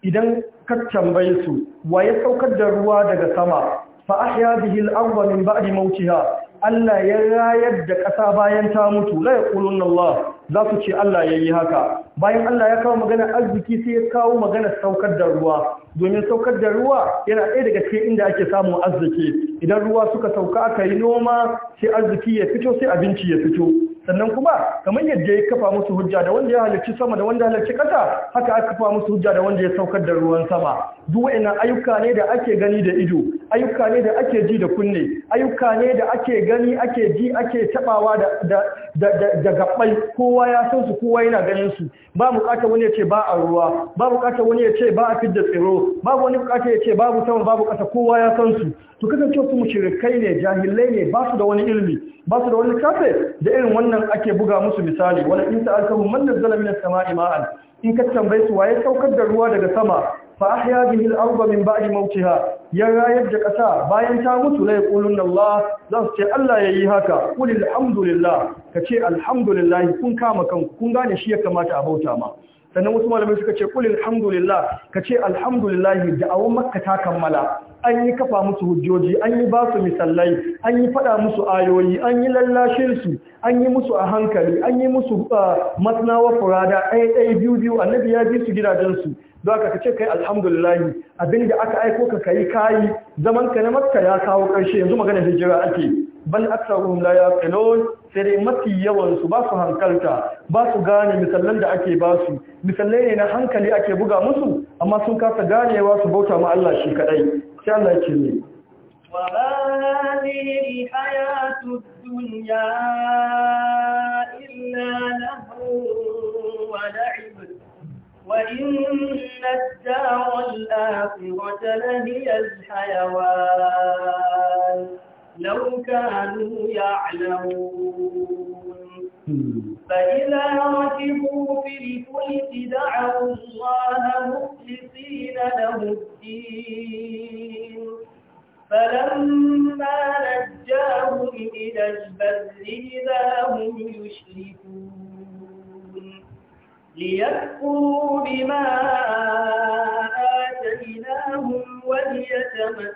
idan ka tambaye su wa ya saukar da ruwa daga sama fa ahya bihi al-ardha min ba'di mawtiha Allah ya rayar da ƙasa bayan ta mutu la yaqulun Allah za su ce Allah ya yi haka bayan Allah ya kawo magana arziki sai ya kawo magana saukar da ruwa domin saukar da ruwa yana ɗaya daga cikin inda ake samun arziki idan ruwa suka sauka aka yi noma sai arziki ya fito sai abinci ya fito sannan kuma kamar yadda ya kafa musu hujja da wanda ya halarci sama da wanda ya halarci ƙasa haka aka kafa musu hujja da wanda ya saukar da ruwan sama duk wa'annan ayyuka ne da ake gani da ido ayyuka ne da ake ji da kunne ayyuka ne da ake gani ake ji ake tabawa da da gabbai kowa ya san su kowa yana ganin su ba bukatar wani ya ce ba a ruwa ba bukatar wani ya ce ba a fidda tsiro ba wani bukatar ya ce babu sama babu kasa kowa ya san su to kasance su mushrikai ne jahilai ne ba su da wani ilmi, ba su da wani kafe da irin wannan ake buga musu misali wala in ta'alkahu man nazzala minas sama'i ma'an in ka tambaye su waye saukar da ruwa daga sama fa ahya bihi al-ardha min ba'di mawtiha ya rayar da kasa bayan ta mutu la yaqulun Allah zan ce Allah yayi haka qulil hamdulillah ka ce alhamdulillah kun kama kanku kun gane shi ya kamata a bauta ma sannan wasu malamai suka ce kulil alhamdulillah ka ce alhamdulillah da'awun makka ta kammala an yi kafa musu hujjoji an yi basu su misallai an yi faɗa musu ayoyi an yi lallashin su an yi musu a hankali an yi musu uh, masnawa furada ɗaya ɗaya biyu biyu annabi ya bi su gidajensu don ka ce kai alhamdulillahi abinda aka aiko ka kayi kayi zaman ka na makka ya kawo ƙarshe yanzu magana hijira ake bal aktsaruhum la yaqilun sai dai mafi yawan su ba su hankalta ba su gane misallan da ake ba su misallai ne na hankali ake buga musu amma sun kasa ganewa su bauta ma Allah shi kadai sai Allah yake ne wa hadhihi dunya illa lahu wa la'ib لو كانوا يعلمون فإذا ركبوا في الفلك دعوا الله مخلصين له الدين فلما نجاهم إلى البر إذا هم يشركون ليكفروا بما آتيناهم وليتمتعوا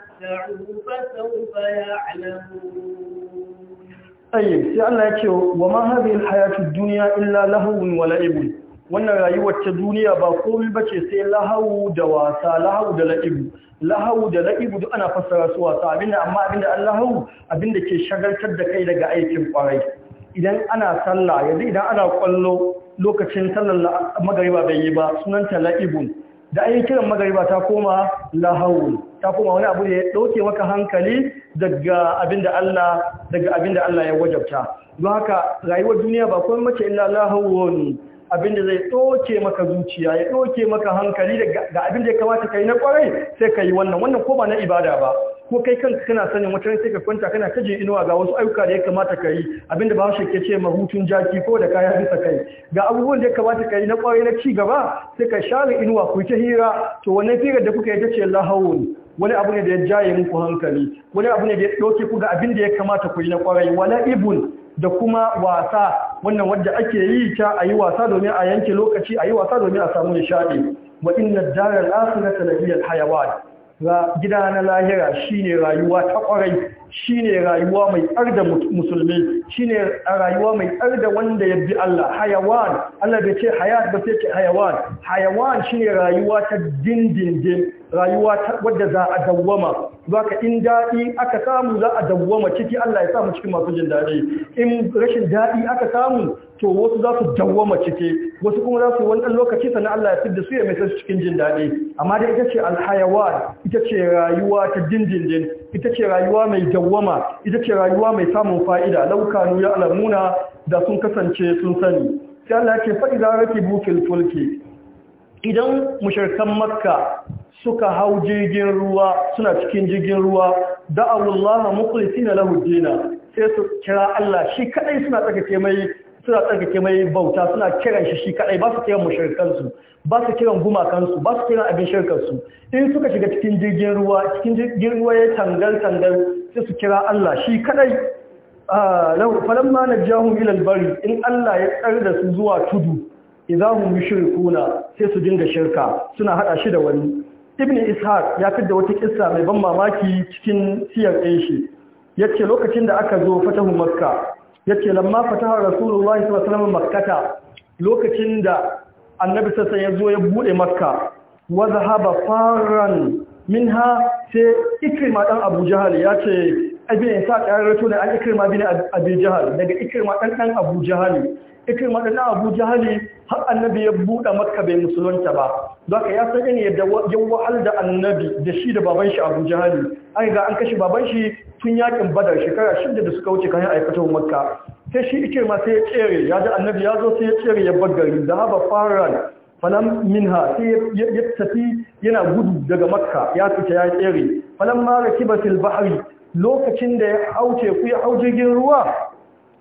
فسوف يعلمون طيب سي الله يكي وما هذه الحياة illa lahawun wa ولعب wannan rayuwar ta duniya ba komai bace sai lahawu da wasa lahawu da la'ibu lahawu da la'ibu duk ana fassara su wasa abinda amma abinda an lahawu abinda ke shagaltar da kai daga aikin kwarai idan ana sallah yanzu idan ana kwallo lokacin sallar magariba bai yi ba sunanta la'ibun da an yi kiran magariba ta koma lahawun ta koma wani abu da ya ɗauke maka hankali daga abinda Allah daga abinda Allah ya wajabta don haka rayuwar duniya ba kuma mace illa lahawun abinda zai ɗoke maka zuciya ya ɗoke maka hankali abin da ya kamata ka yi na kwarai sai ka yi wannan wannan ko ba na ibada ba ko kai kanka kana sanin wata sai ka kwanta kana kaje inuwa ga wasu ayyuka da ya kamata ka yi abinda ba shi ke ce hutun jaki ko da kaya bisa kai ga abubuwan da ya kamata ka yi na kwarai na ci gaba sai ka share inuwa ku ta hira to wannan firar da kuka yi ta ce lahawun wani abu ne da ya jaye muku hankali wani abu ne da ya ɗauke ku ga abin da ya kamata ku yi na kwarai wala ibun da kuma wasa wannan wadda ake yi ta a yi wasa domin a yanke lokaci a yi wasa domin a samu nishaɗi wa inna darar asirata na biyar hayawa gida na lahira shine rayuwa ta kwarai shine rayuwa mai da musulmi shine rayuwa mai da wanda ya bi Allah hayawan Allah da ce hayat ba sai hayawan hayawan shine rayuwa ta dindindin rayuwa ta wadda za a dawwama ka in daɗi aka samu za a dawwama ciki Allah ya sa mu cikin masu jin daɗi. in rashin daɗi aka samu to wasu za su dawwama cike, wasu kuma za su wani ɗan lokaci sannan Allah ya fidda su ya mai su cikin jin daɗi amma dai ita ce alhayawa ita ce rayuwa ta dindindin ita ce rayuwa mai dawwama ita ce rayuwa mai samun fa'ida laukanu ya alamuna da sun kasance sun sani sai Allah ya ce fa'iza rakibu fil fulki idan mushrikan makka suka hau jirgin ruwa suna cikin jirgin ruwa da'awullaha mukhlisina lahu dina sai su kira Allah shi kadai suna tsakace mai suna tsarkake mai bauta suna kiran shi shi kadai ba su kiran mushirkansu ba su kiran gumakansu ba su kiran abin shirkansu in suka shiga cikin jirgin ruwa cikin jirgin ruwa ya tangal tangal sai su kira Allah shi kadai ah, ma na jahun ilal bari in Allah ya tsar da su zuwa tudu idahum yushrikuna sai su dinga shirka suna hada shi da wani ibn ishaq ya da wata kissa mai ban mamaki cikin siyar ɗin shi yace lokacin da aka zo fatahu makka yace lamma fataha rasulullahi sallallahu makkata lokacin da annabi sassan ya zo ya bude makka wa zahaba faran minha sai ikrima dan abu jahal ya ce abin sa ƙarar rato da an ikrima bin abu jahal daga ikrima dan dan abu jahal ikrima da na abu jahali har annabi ya buɗe makka bai musulunta ba don ka ya sanya ne yadda ya wahal da annabi da shi da baban shi abu jahali an ga an kashe baban shi tun yakin badar shekara shida da suka wuce kayan aikatawar makka sai shi ikrima sai ya tsere ya ji annabi ya zo sai ya tsere ya bar gari da haba faran falan minha sai ya tafi yana gudu daga makka ya fita ya tsere falan ma rakibatil bahri lokacin da ya hau teku ya hau jirgin ruwa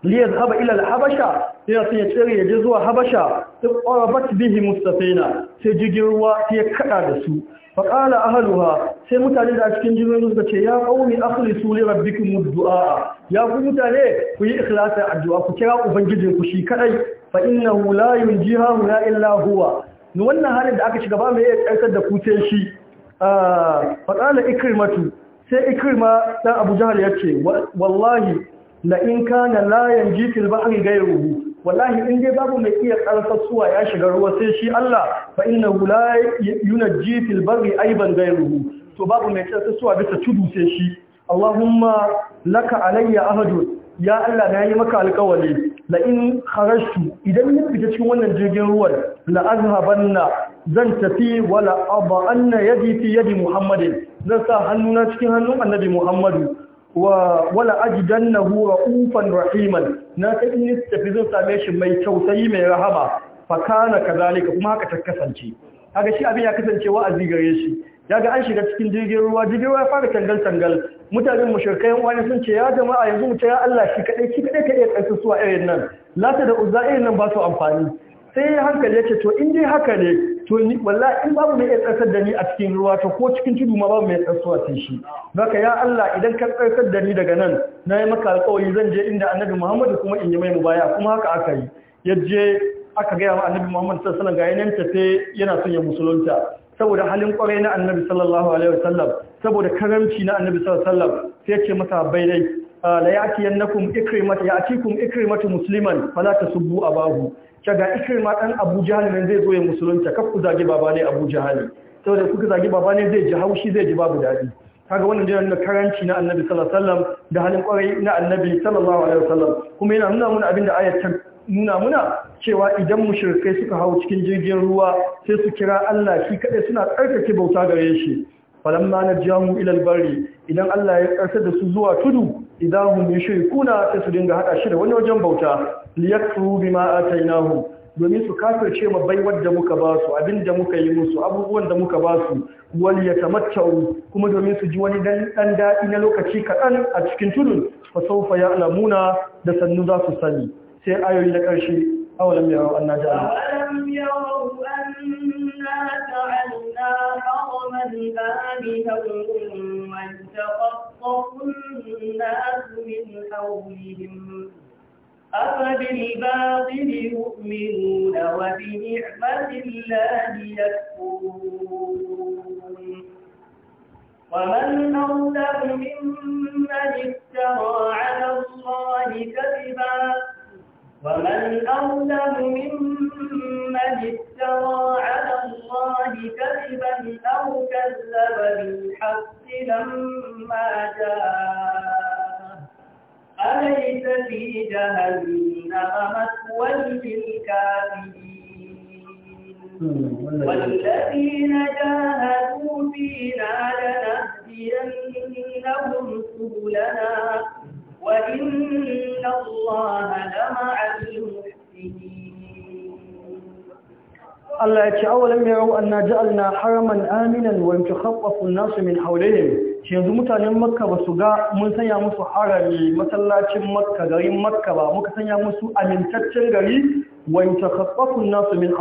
liyar haba ilal habasha yana sun ya tsere ya je zuwa habasha ta ƙorabat bihi mustafina sai jirgin ruwa sai ya kaɗa da su faƙala ahaluha sai mutane da cikin jirgin suka ce ya ƙauni akhlisu li rabbikum ad-du'a ya ku mutane ku yi ikhlasa addu'a ku kira ubangijin ku shi kadai fa innahu la yunjiha la illa huwa ni wannan halin da aka shiga ba mai ya tsarkar da kuce sai shi faƙala ikrimatu sai ikrima dan abu jahal ya ce wallahi la in kana jifin ba fil gaya ghayruhu wallahi in dai babu mai iya karfa suwa ya shiga ruwa sai shi Allah fa inna la yunji fil bahri aiban ghayruhu to babu mai karfa bisa tudu sai shi Allahumma laka alayya Ahadu ya Allah na yi maka alƙawari la in kharashtu idan na fita cikin wannan jirgin ruwan la azhabanna zan tafi wala aba anna yadi fi yadi muhammadin zan sa hannuna cikin hannun annabi muhammadu wa wala ajidannahu ra'ufan rahiman na ta in tafi zan same shi mai tausayi mai rahama fa kana kazalika kuma haka ta kasance kaga shi abin ya kasance azi gare shi yaga an shiga cikin jirgin ruwa jirgin ruwa ya fara tangal tangal mutanen mushrikai wani sun ce ya jama'a yanzu mu ce ya Allah shi kadai shi kadai ka iya kansu suwa irin nan lata da uzairin nan ba su amfani sai hankali yace to in dai haka ne to ni wallahi in babu mai tsarkar da ni a cikin ruwa to ko cikin tudu ma babu mai tsarsuwa sai shi baka ya Allah idan ka tsarkar da ni daga nan na yi maka alƙawari zan je inda annabi Muhammad kuma in yi mai mubaya kuma haka aka yi yaje aka ga annabi Muhammad sallallahu alaihi wasallam ga yanin tafe yana son ya musulunta saboda halin kwarai na annabi sallallahu alaihi wasallam saboda karamci na annabi sallallahu alaihi wasallam sai ya ce masa bai dai la ya'tiyannakum ikrimatu ya'tikum ikrimatu musliman fala tasubbu abahu ce ga ikirma dan abu jihali nan zai zo ya musulunta kaf ku zagi baba ne abu jihali saboda kuka zagi baba ne zai ji haushi zai ji babu daɗi kaga wannan yana na karanci na annabi sallallahu alaihi wasallam da halin kwarai na annabi sallallahu alaihi wasallam kuma yana nuna mana abinda ayat ta nuna muna cewa idan mushrikai suka hau cikin jirgin ruwa sai su kira Allah shi kadai suna tsarkake bauta gare shi falamma najamu ila bari idan Allah ya karsa da su zuwa tudu idahum kuna ta su dinga haɗa shi da wani wajen bauta liyakfuru bima atainahu domin su kafirce ma bai wadda muka ba su abinda muka yi musu abubuwan da muka ba su wal yatamattau kuma domin su ji wani dan dan dadi na lokaci kaɗan a cikin tudun fa sawfa ya'lamuna da sannu za su sani sai ayoyi na karshe awalam yarau anna awalam yarau الأذقان هول والتخطف الناس من حولهم أفبالباطل يؤمنون وبنعمة الله يكفرون ومن أظلم ممن افترى على الله كذبا ومن أظلم ممن افترى على الله كذبا أو كذب بالحق لما جاء أليس في جهنم مثوى للكافرين والذين جاهدوا فينا لنهدينهم سبلنا وإن الله لمع Allah ya ce awalan na anna na haraman aminan wa yatakhaffafu haɓafin nasu min haure ne, yanzu mutanen makka ba su ga mun sanya musu harari masallacin makka garin makka ba muka sanya musu amintaccen gari wa yatakhaffafu haɓafin nasu min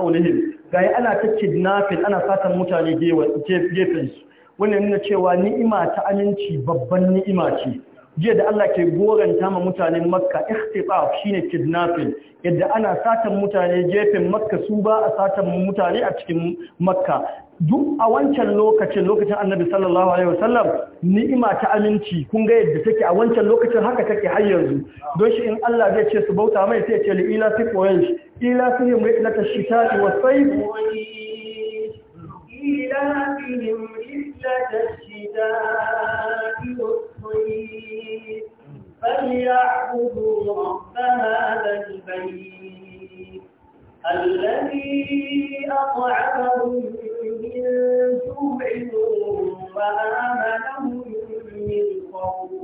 ga yi ana ta kidnafin ana satan mutane gefen su wannan nuna cewa ni'ima ta aminci babban ni'ima ce jiya da Allah ke goranta ma mutanen makka ikhtifaf shine kidnapping yadda ana satan mutane jefin makka su ba a satan mutane a cikin makka duk a wancan lokacin lokacin annabi sallallahu alaihi wasallam ni'ima ta aminci kun ga yadda take a wancan lokacin haka take har yanzu don shi in Allah zai ce su bauta mai sai ya ce li ila fi quraish ila fi rihlata shita'i wa sayf ila fi rihlata shita'i wa sayf فليعبدوا رب هذا البيت الذي أطعمهم من جوع وآمنهم من خوف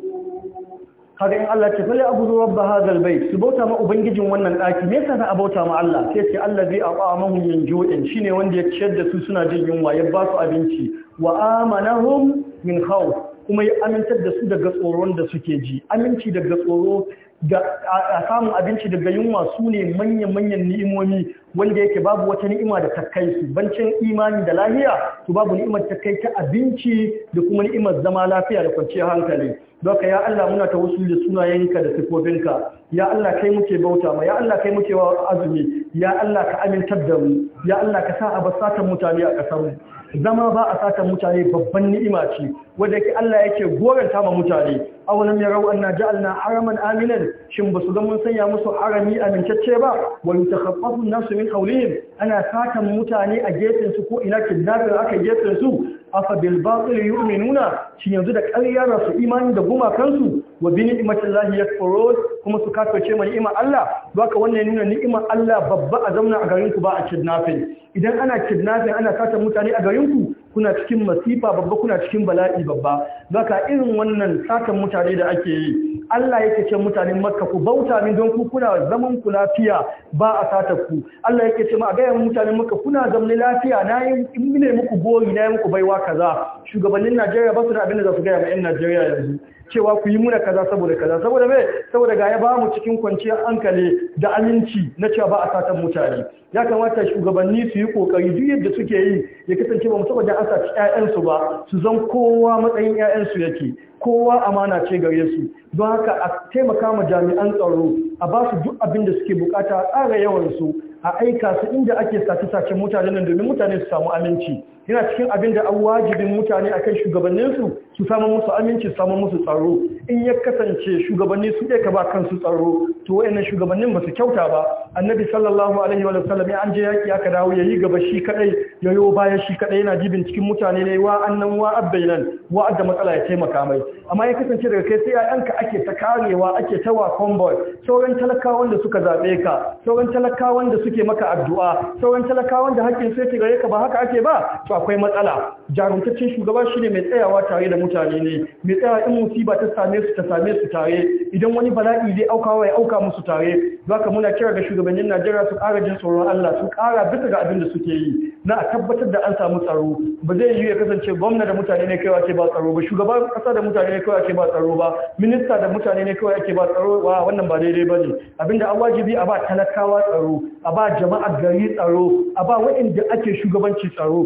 kaga in Allah ce fali abudu rabba hadal Bai su bauta ma ubangijin wannan ɗaki? me yasa a bauta ma Allah sai ce Allah allazi aqamahum min ju'in shine wanda ya ciyar da su suna jin yunwa ya ba su abinci wa amanahum min khawf kuma ya amintar da su daga tsoron da suke ji aminci daga tsoro a samun abinci daga yunwa su ne manya-manyan ni'imomi wanda yake babu wata ni'ima da takai su bancin imani da lahiya to babu ni'imar takai ta abinci da kuma ni'imar zama lafiya da kwanciyar hankali doka ya Allah muna ta wasu da sunayenka da sifofinka ya Allah kai muke bauta ma ya Allah kai muke wa azumi ya Allah ka amintar da mu ya Allah ka sa a basatan mutane a kasar mu zama ba a saka mutane babban ni'ima ce wanda yake Allah yake goranta ma mutane awalam yarau anna ja'alna haraman aminan shin basu ga mun sanya musu harami amintacce ba wa yutakhaffafu an-nasu min hawlihim ana satan mutane a gefen su ko ina kidnapper aka gefen su afa bil batil yu'minuna shin yanzu da ƙarya su imani da gumakansu wa bi ni'matillahi yakfurun kuma su kafirce mai ni'imar Allah baka wannan nuna ni'imar Allah babba a zamanin a garin ku ba a kidnapin idan ana kidnapin ana kasa mutane a garin ku kuna cikin masifa babba kuna cikin bala'i babba baka irin wannan satan mutane da ake yi Allah yake ce mutanen Makka ku bauta min don ku kuna zaman ku lafiya ba a sata ku Allah yake ce ma a gaya mutanen Makka kuna zaman lafiya nayi in mine muku na nayi muku baiwa kaza shugabannin Najeriya ba su da abin da za su ga ma 'yan Najeriya yanzu cewa ku yi muna kaza saboda kaza saboda me saboda ga ya ba mu cikin kwanciyar hankali da aminci na cewa ba a satan mutane ya kamata shugabanni su yi kokari duk yadda suke yi ya kasance ba mu da an saci ƴaƴansu ba su zan kowa matsayin ƴaƴansu yake kowa amana ce gare su don haka a taimaka ma jami'an tsaro a ba su duk abin da suke bukata a ƙara yawan su a aika su inda ake sace-sacen mutane nan domin mutane su samu aminci yana cikin abin da an wajibin mutane a kan shugabanninsu su samu musu aminci su samu musu tsaro in ya kasance shugabanni su ɗaya ka ba kansu tsaro to wayannan shugabannin ba su kyauta ba annabi sallallahu alaihi wa sallam ya an je yaki aka dawo yayi gaba shi kadai yayo baya shi kaɗai yana jibin cikin mutane ne wa annan wa abbainan wa adda matsala ya taimaka mai amma ya kasance daga kai sai ayanka ake ta karewa ake ta wa convoy sauran talakawan da suka zabe ka sauran talakawan da suke maka addu'a sauran talakawan da hakkin sai ki gare ka ba haka ake ba akwai matsala jarumtaccen shugaba shine mai tsayawa tare da mutane ne mai tsayawa in musiba ta same su ta same su tare idan wani bala'i zai wa ya auka musu tare za ka muna kira ga shugabannin Najeriya su ƙara jin tsoron Allah su ƙara bisa ga abin da suke yi na a tabbatar da an samu tsaro ba zai yiwu ya kasance gwamna da mutane ne kawai ake ba tsaro ba shugaban ƙasa da mutane ne kawai ake ba tsaro ba minista da mutane ne kawai ake ba tsaro ba wannan ba daidai ba ne abinda an wajibi a ba talakawa tsaro a ba jama'a gari tsaro a ba waɗanda ake shugabanci tsaro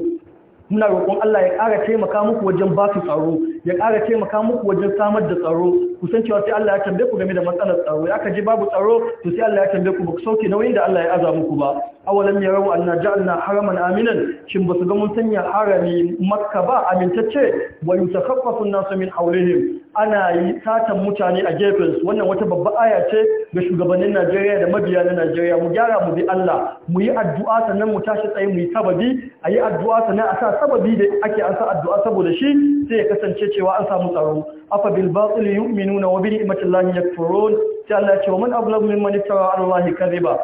muna roƙon Allah ya ƙara taimaka muku wajen ba su tsaro ya ƙara taimaka muku wajen samar da tsaro ku san cewa sai Allah ya tambaye ku game da matsalar tsaro ya je babu tsaro to sai Allah ya tambaye ku ba ku sauke nauyin da Allah ya aza muku ba awalan ya rawu anna ja'alna haraman aminan shin su ga mun sanya harami makka ba amintacce wa yutakhaffafu an-nasu min hawlihim ana yi satan mutane a gefen su wannan wata babba aya ce ga shugabannin Najeriya da mabiya na Najeriya mu gyara mu bi Allah mu yi addu'a sannan mu tashi tsaye mu yi sababi a yi addu'a sannan a sa sababi da ake an sa addu'a saboda shi sai ya kasance cewa an samu tsaro afa bil batil yu'minuna wa bi ni'matillahi yakfurun sai Allah ya ce wa man ablagu mimman iftara ala Allah kadhiba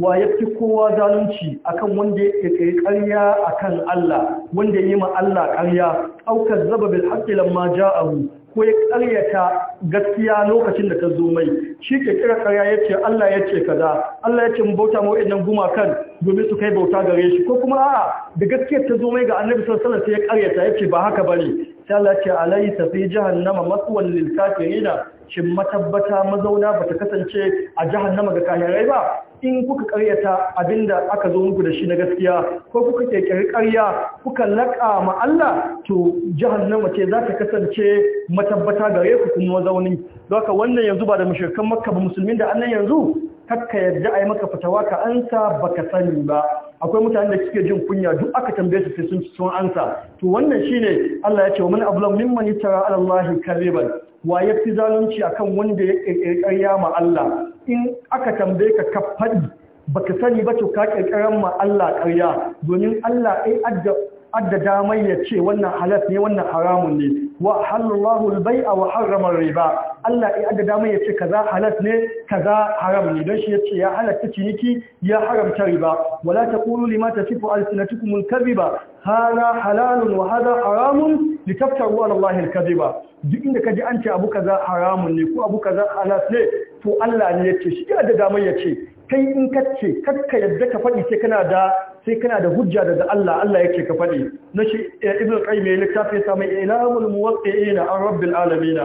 wa ya fi kowa zalunci akan wanda ya ƙirƙiri ƙarya akan Allah wanda ya yi ma Allah ƙarya aukar zaba bil haqqi lamma ja'ahu ko ya karyata gaskiya lokacin da ta zo mai shi ke kira karya ya ce Allah ya ce kaza Allah ya ce mu bauta ma wa'annan gumakan domin su kai bauta gare shi ko kuma a'a da gaskiyar ta zo mai ga annabi sallallahu alaihi wasallam sai ya karyata ya ce ba haka bane sai Allah ya ce alaysa fi jahannama maswan lil kafirina shin matabbata mazauna bata kasance a jahannama ga kafirai ba in kuka karyata abinda aka zo muku da shi na gaskiya ko kuka kekere karya kuka laƙa ma Allah to jahannama ce za ta kasance matabbata gare ku kuma zaunin don haka wannan yanzu ba da mushrikan makka ba musulmin da annan yanzu kakka yadda a yi maka fatawa ka ansa baka sani ba akwai mutane da suke jin kunya duk aka tambaye su sai sun ci sun ansa to wannan shine Allah ya ce wa man ablam mimman yatara ala Allah kariban wa yafi zalunci akan wanda ya kirkirya ma Allah in aka tambaye ka ka fadi baka sani ba to ka kirkiran ma Allah ƙarya domin Allah ai adda adda damai ya ce wannan halal ne wannan haramun ne wa halallahu albay'a wa harrama riba Allah ya addada mai ya ce kaza ne kaza haram ne don shi ya ce ya halatta ciniki ya haramta riba wala taqulu lima tasifu alsinatukum kabiba. hada halalun wa hada haramun litaftaru ala allahi alkaziba duk inda kaji an ce abu kaza haramun ne ko abu kaza halal ne to Allah ne ya ce shi ya addada mai ya ce kai in kace kakka yadda ka faɗi sai kana da sai kana da hujja daga Allah Allah yake ka faɗi na shi eh, ibn qayyim ya littafi ya samu ilahul muwaqqi'ina an rabbil alamin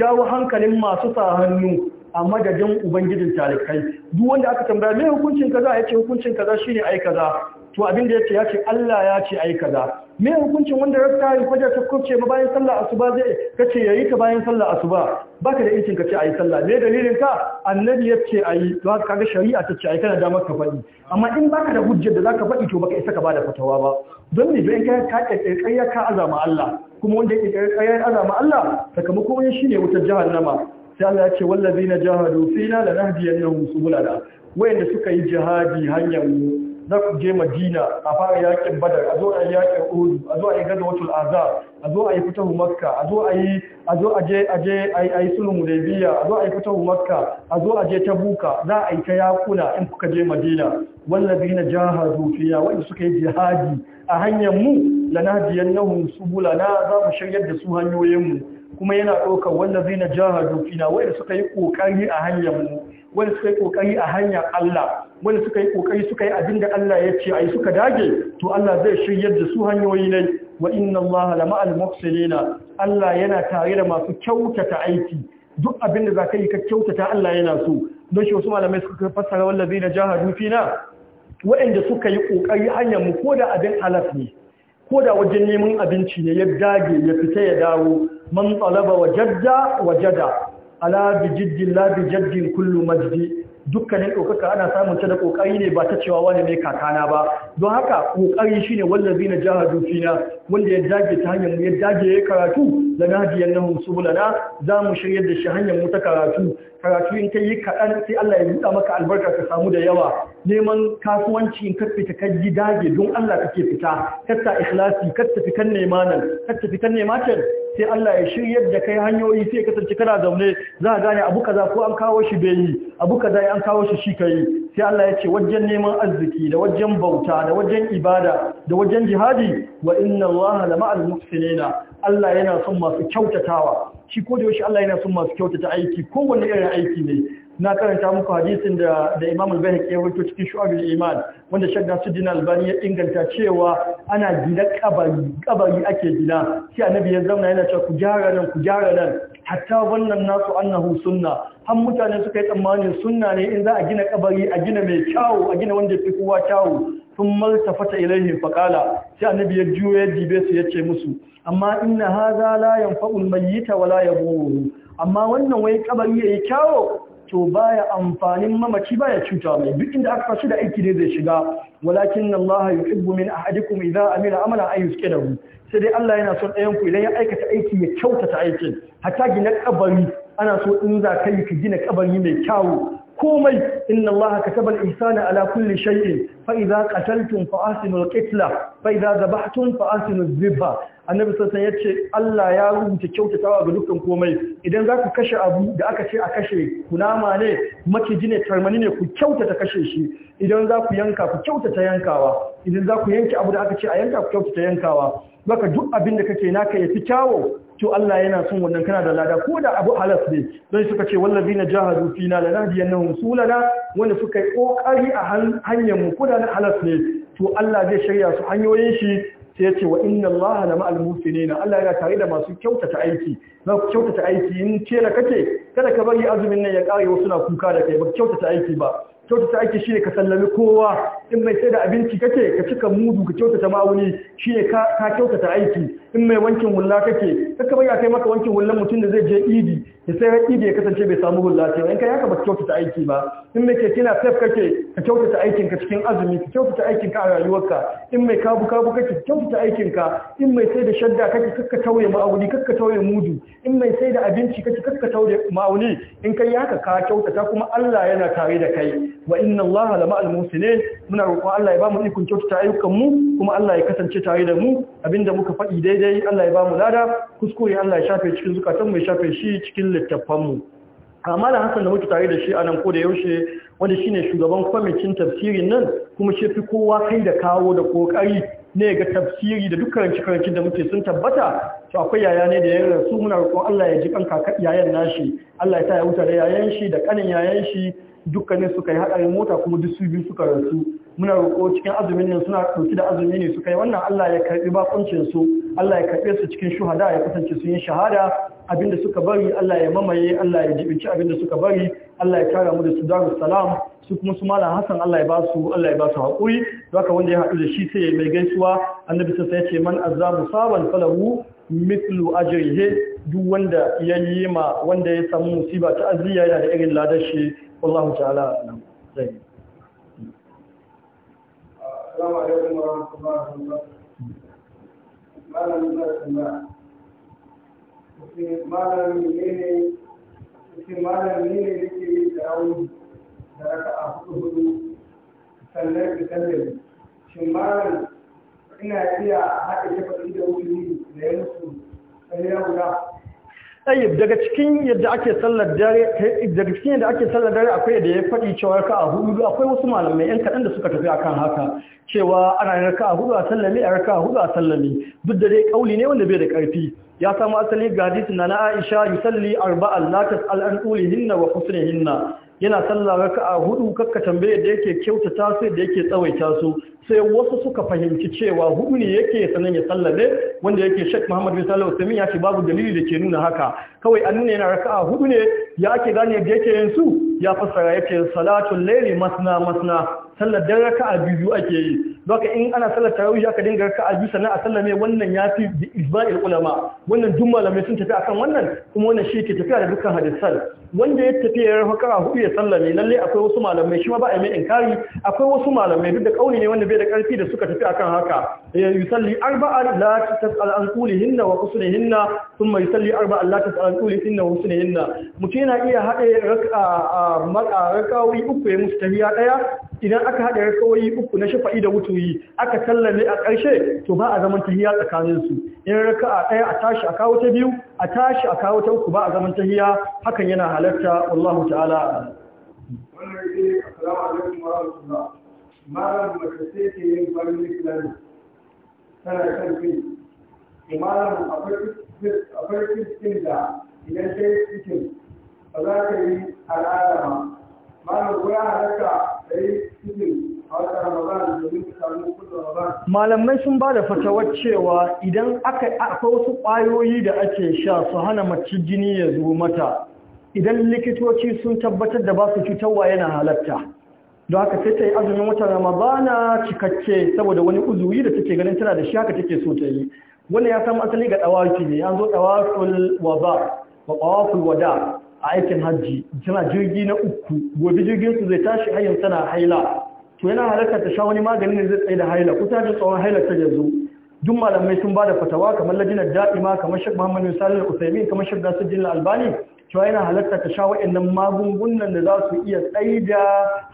jawo hankalin masu sa hannu a madadin ubangijin talikai duk wanda aka tambaya me hukuncin kaza yace hukuncin kaza shine ai kaza to abin da yace yace Allah ya ce ai kaza me hukuncin wanda rasta ya fajar ta kubce ma bayan sallah asuba zai kace yayi ta bayan sallah asuba baka da ka ce ayi sallah me dalilin ka annabi yace ayi don haka kaga shari'a ta ce ayi kana da maka faɗi amma in baka da hujjar da zaka faɗi to baka isa ka bada fatawa ba don me don kai ka kirkirya ka azama Allah kuma wanda yake kirkirya azama Allah sakamakon shine wutar jahannama sai Allah ya ce wallazina jahadu fina lanahdiyannahum subulana wayanda suka yi jihadi hanyar mu za ku je madina a fara yakin badar a zo a yi yakin odu a zo a yi gaza watul a zo a yi fitar makka a zo a yi a zo a je a je a yi sulun rebiya a zo a yi fitar makka a zo a je ta buka, za a yi ta yakuna in kuka je madina na jihar fiya wanda suka yi jihadi a hanyar mu Da na bula na za mu shiryar da su hanyoyinmu. kuma yana ɗaukar na jihar fina wanda suka yi ƙoƙari a hanyar mu wanda suka yi kokari a hanyar Allah wanda suka yi kokari suka yi abin da Allah ya ce ai suka dage to Allah zai shiryar da su hanyoyi ne wa inna Allah la ma'al muhsinina Allah yana tare da masu kyautata aiki duk abinda da zaka yi ka kyautata Allah yana so don shi wasu malamai suka fassara na jahadu fina wa'anda suka yi kokari hanyar mu koda abin halaf ne ko da wajen neman abinci ne ya dage ya fita ya dawo man talaba wajadda wajada ala bi jiddin la bi kullu majdi dukkanin ɗaukaka ana samun ta da ƙoƙari ne ba ta cewa wani ne kakana ba don haka ƙoƙari shine wallazi na jahadu fina wanda ya dage ta hanyar ya dage ya karatu da nahdiyan nahum subulana za mu shiryar da shi hanyar mu ta karatu karatu in ka yi kaɗan sai Allah ya buɗa maka albarka ka samu da yawa neman kasuwanci in ka fita ka ji dage don Allah kake fita katta ikhlasi katta kan nema nan katta fitan nema can sai Allah ya shiryar da kai hanyoyi sai kasance kana zaune za a gane abu kaza ko an kawo shi bai yi abu kaza an kawo shi shi kai sai Allah ya ce wajen neman arziki da wajen bauta da wajen ibada da wajen jihadi wa inna Allah la ma'al muhsinina Allah yana son masu kyautatawa shi ko da yaushe Allah yana son masu kyautata aiki kowanne irin aiki ne na karanta muku hadisin da da Imam al-Baihaqi ya rubuta cikin Shu'abul Iman wanda Sheikh Nasiruddin Albani ya inganta cewa ana gina kabari kabari ake gina sai Annabi ya zauna yana cewa ku gyara nan ku gyara nan hatta wannan nasu annahu sunna har mutane suka yi tsammani sunna ne in za a gina kabari a gina mai kyau a gina wanda ya fi kowa kyau. sun maltafata ilaihim faqala sai annabi ya juyo ya dibe su yace musu amma inna hadha la yanfa'u almayyita wala yaburu amma wannan wai kabari yayi kyawo to baya amfanin mamaci baya cuta mai duk inda aka fashi da aiki ne zai shiga walakin Allah yuhibbu min ahadikum idza amila amalan ay yuskidahu sai dai Allah yana son ɗayan ku idan ya aikata aiki ya kyautata aikin hatta gina kabari ana so in za ka yi ka gina kabari mai kyawu komai inna allaha kataba al-ihsana ala kulli shay'in fa idza qataltum fa asinu al-qitla fa idza dhabhtum fa asinu al dhabha annabi sallallahu alaihi wasallam yace Allah ya rubuta kyautatawa ga dukkan komai idan za ku kashe abu da aka ce a kashe kunama ne maciji ne tarmani ne ku kyautata kashe shi idan za yanka ku kyautata yankawa idan za ku yanke abu da aka ce a yanka ku kyautata yankawa baka duk abin da kake naka yafi kyawo to Allah yana son wannan kana da lada ko da abu halas ne don suka ce wallazi na jahadu fina la nahdiyannahum sulala wanda suka yi kokari a hanyar mu ko da na halas ne to Allah zai shirya su hanyoyin shi sai ya ce wa inna Allah la ma'al Allah yana tare da masu kyautata aiki na kyautata aiki in ce da kake kada ka bari azumin nan ya kare wasu na kuka da kai ba kyautata aiki ba kyautata aiki ne ka sallami kowa in mai sai da abinci kake ka cika mudu ka kyautata ma'auni shi ne ka kyautata aiki in mai wankin hulla kake kaka bai kai maka wankin hullan mutum da zai je idi ya sai idi ya kasance bai samu hula ce in kai haka ba kyautata aiki ba in mai keke na fef kake ka kyautata aikin ka cikin azumi ka kyautata aikin ka a rayuwarka in mai kabu kabu kake ka kyautata aikin ka in mai sai da shadda kake kakka tauye ma'auni kakka tauye mudu in mai sai da abinci kake kakka tauye ma'auni in kai ya ka kyautata kuma Allah yana tare da kai wa inna allaha la ma'al muhsinin muna roƙon Allah ya ba mu ikon kyautata ayyukan mu kuma Allah ya kasance tare da mu abinda muka faɗi daidai Allah ya ba lada kuskure Allah ya shafe cikin zukatan mu ya shafe shi cikin littafan mu amma da hasan da muke tare da shi a nan ko da yaushe wanda shine shugaban kwamitin tafsirin nan kuma shi fi kowa kai da kawo da kokari ne ga tafsiri da dukkan cikakken da muke sun tabbata to akwai yaya ne da ya rasu muna roƙon Allah ya ji kan yayan nashi Allah ya ta ya huta da yayan shi da kanin yayan shi dukkanin suka yi haɗarin mota kuma duk su biyu suka rasu muna roƙo cikin azumin nan suna ɗauki da azumi ne su kai wannan Allah ya karɓi bakuncin su Allah ya karɓe su cikin shuhada ya kasance su yi shahada abinda suka bari Allah ya mamaye Allah ya jibinci abinda suka bari Allah ya tara mu da su daru salam su kuma su malam Hassan Allah ya ba su Allah ya ba su haƙuri haka wanda ya haɗu da shi sai mai gaisuwa annabi sai ya ce man azabu sabon falahu mithlu ajrihi duk wanda ya yi ma wanda ya samu musiba ta aziya yana da irin ladar shi wallahu ta'ala alam السلام عليكم ورحمة الله وبركاته ما لم يكن ما لم يكن shi malami ne da ke yi tarawih da raka a hudu hudu sannan da sallami shi malam ina iya haɗa shafaɗi da wuri da ya mutu sai guda tsayyib daga cikin yadda ake sallar dare daga cikin yadda ake sallar dare akwai da ya faɗi cewa raka'a hudu akwai wasu malamai yan kaɗan da suka tafi akan haka cewa ana yin raka'a hudu a sallami a raka'a hudu a sallami duk da dai kauli ne wanda bai da karfi ya samu asali ga hadisi na Aisha yusalli arba'a la tas'al an wa wa husnihinna yana sallah raka'a hudu kakka tambaye da yake kyautata su da yake tsawaita su sai wasu suka fahimci cewa hudu ne yake sanan ya sallame wanda yake Sheikh Muhammad bin Salih Uthaymeen ya ce babu dalili da ke nuna haka kawai an nuna yana raka'a hudu ne ya ake gane da yake yin su ya fassara yake salatul layli masna masna sallar dan raka'a biyu ake yi doka in ana sallar tarawih aka dinga raka'a biyu sannan a sallame wannan yafi bi ijma'il ulama wannan duk malamai sun tafi akan wannan kuma wannan shi ke tafiya da dukkan hadisan wanda ya tafi ya raka hudu ya sallame lalle akwai wasu malamai shi ma ba a mai inkari akwai wasu malamai duk da kauli ne wanda bai da karfi da suka tafi akan haka ya yusalli arba'a la tasal an hinna wa husnihinna thumma yusalli arba'a la tasal an hinna wa hinna. mutum yana iya hade raka'a mar'a rakawi uku ya mustahiya daya idan aka hada rakawi uku na shafa'i da wuturi aka sallame a karshe to ba a zaman tahiya tsakanin su in raka'a daya a tashi a kawo ta biyu a tashi a kawo tanku ba a zaman tahiya hakan yana halatta Allah ta'ala malam mace sai ke yin farin islami tana ma'arar da malam akwai kristin da idan ta yi cikin ba za ka yi al'ada ba malam halatta ta yi cikin malamai sun ba da fatawar cewa idan aka akwai wasu ƙwayoyi da ake sha su hana mace jini ya zo mata idan likitoci sun tabbatar da ba su cutarwa yana halatta don haka sai ta yi azumin watan ramadana cikakke saboda wani uzuri da take ganin tana da shi haka take so ta yi wannan ya samu asali ga dawaki ne an zo dawakul wada wa dawakul wada a aikin hajji tana jirgi na uku gobe jirgin zai tashi hayin tana haila to yana halarta ta sha wani maganin da zai tsaye da haila ko ta ji tsawon hailar ta yanzu duk malamai sun ba da fatawa kamar lajinar da'ima kamar shek muhammadu salil usaimin kamar shek nasiruddin albani cewa yana halarta ta sha wa'annan magungunan da za su iya tsaye da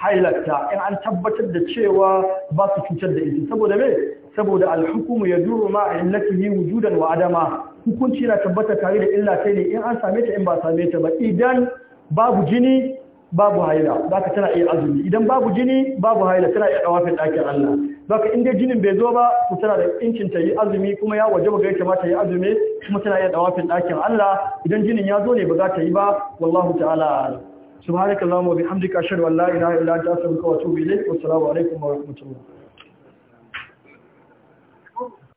hailarta in an tabbatar da cewa ba su cutar da ita saboda me saboda alhukumu ya duru ma a illatihi wujudan wa adama hukunci na tabbatar tare da illa sai ne in an same ta in ba same ta ba idan babu jini babu haila zaka tana iya azumi idan babu jini babu haila tana iya dawafin dakin Allah zaka inda jinin bai zo ba ku tana da incin ta yi azumi kuma ya waje ba ga mata yi azumi kuma tana iya dawafin dakin Allah idan jinin ya zo ne ba za ta yi ba wallahu ta'ala subhanakallahumma wa bihamdika ashhadu an la ilaha illa anta astaghfiruka wa atubu ilayk wa assalamu alaikum wa rahmatullahi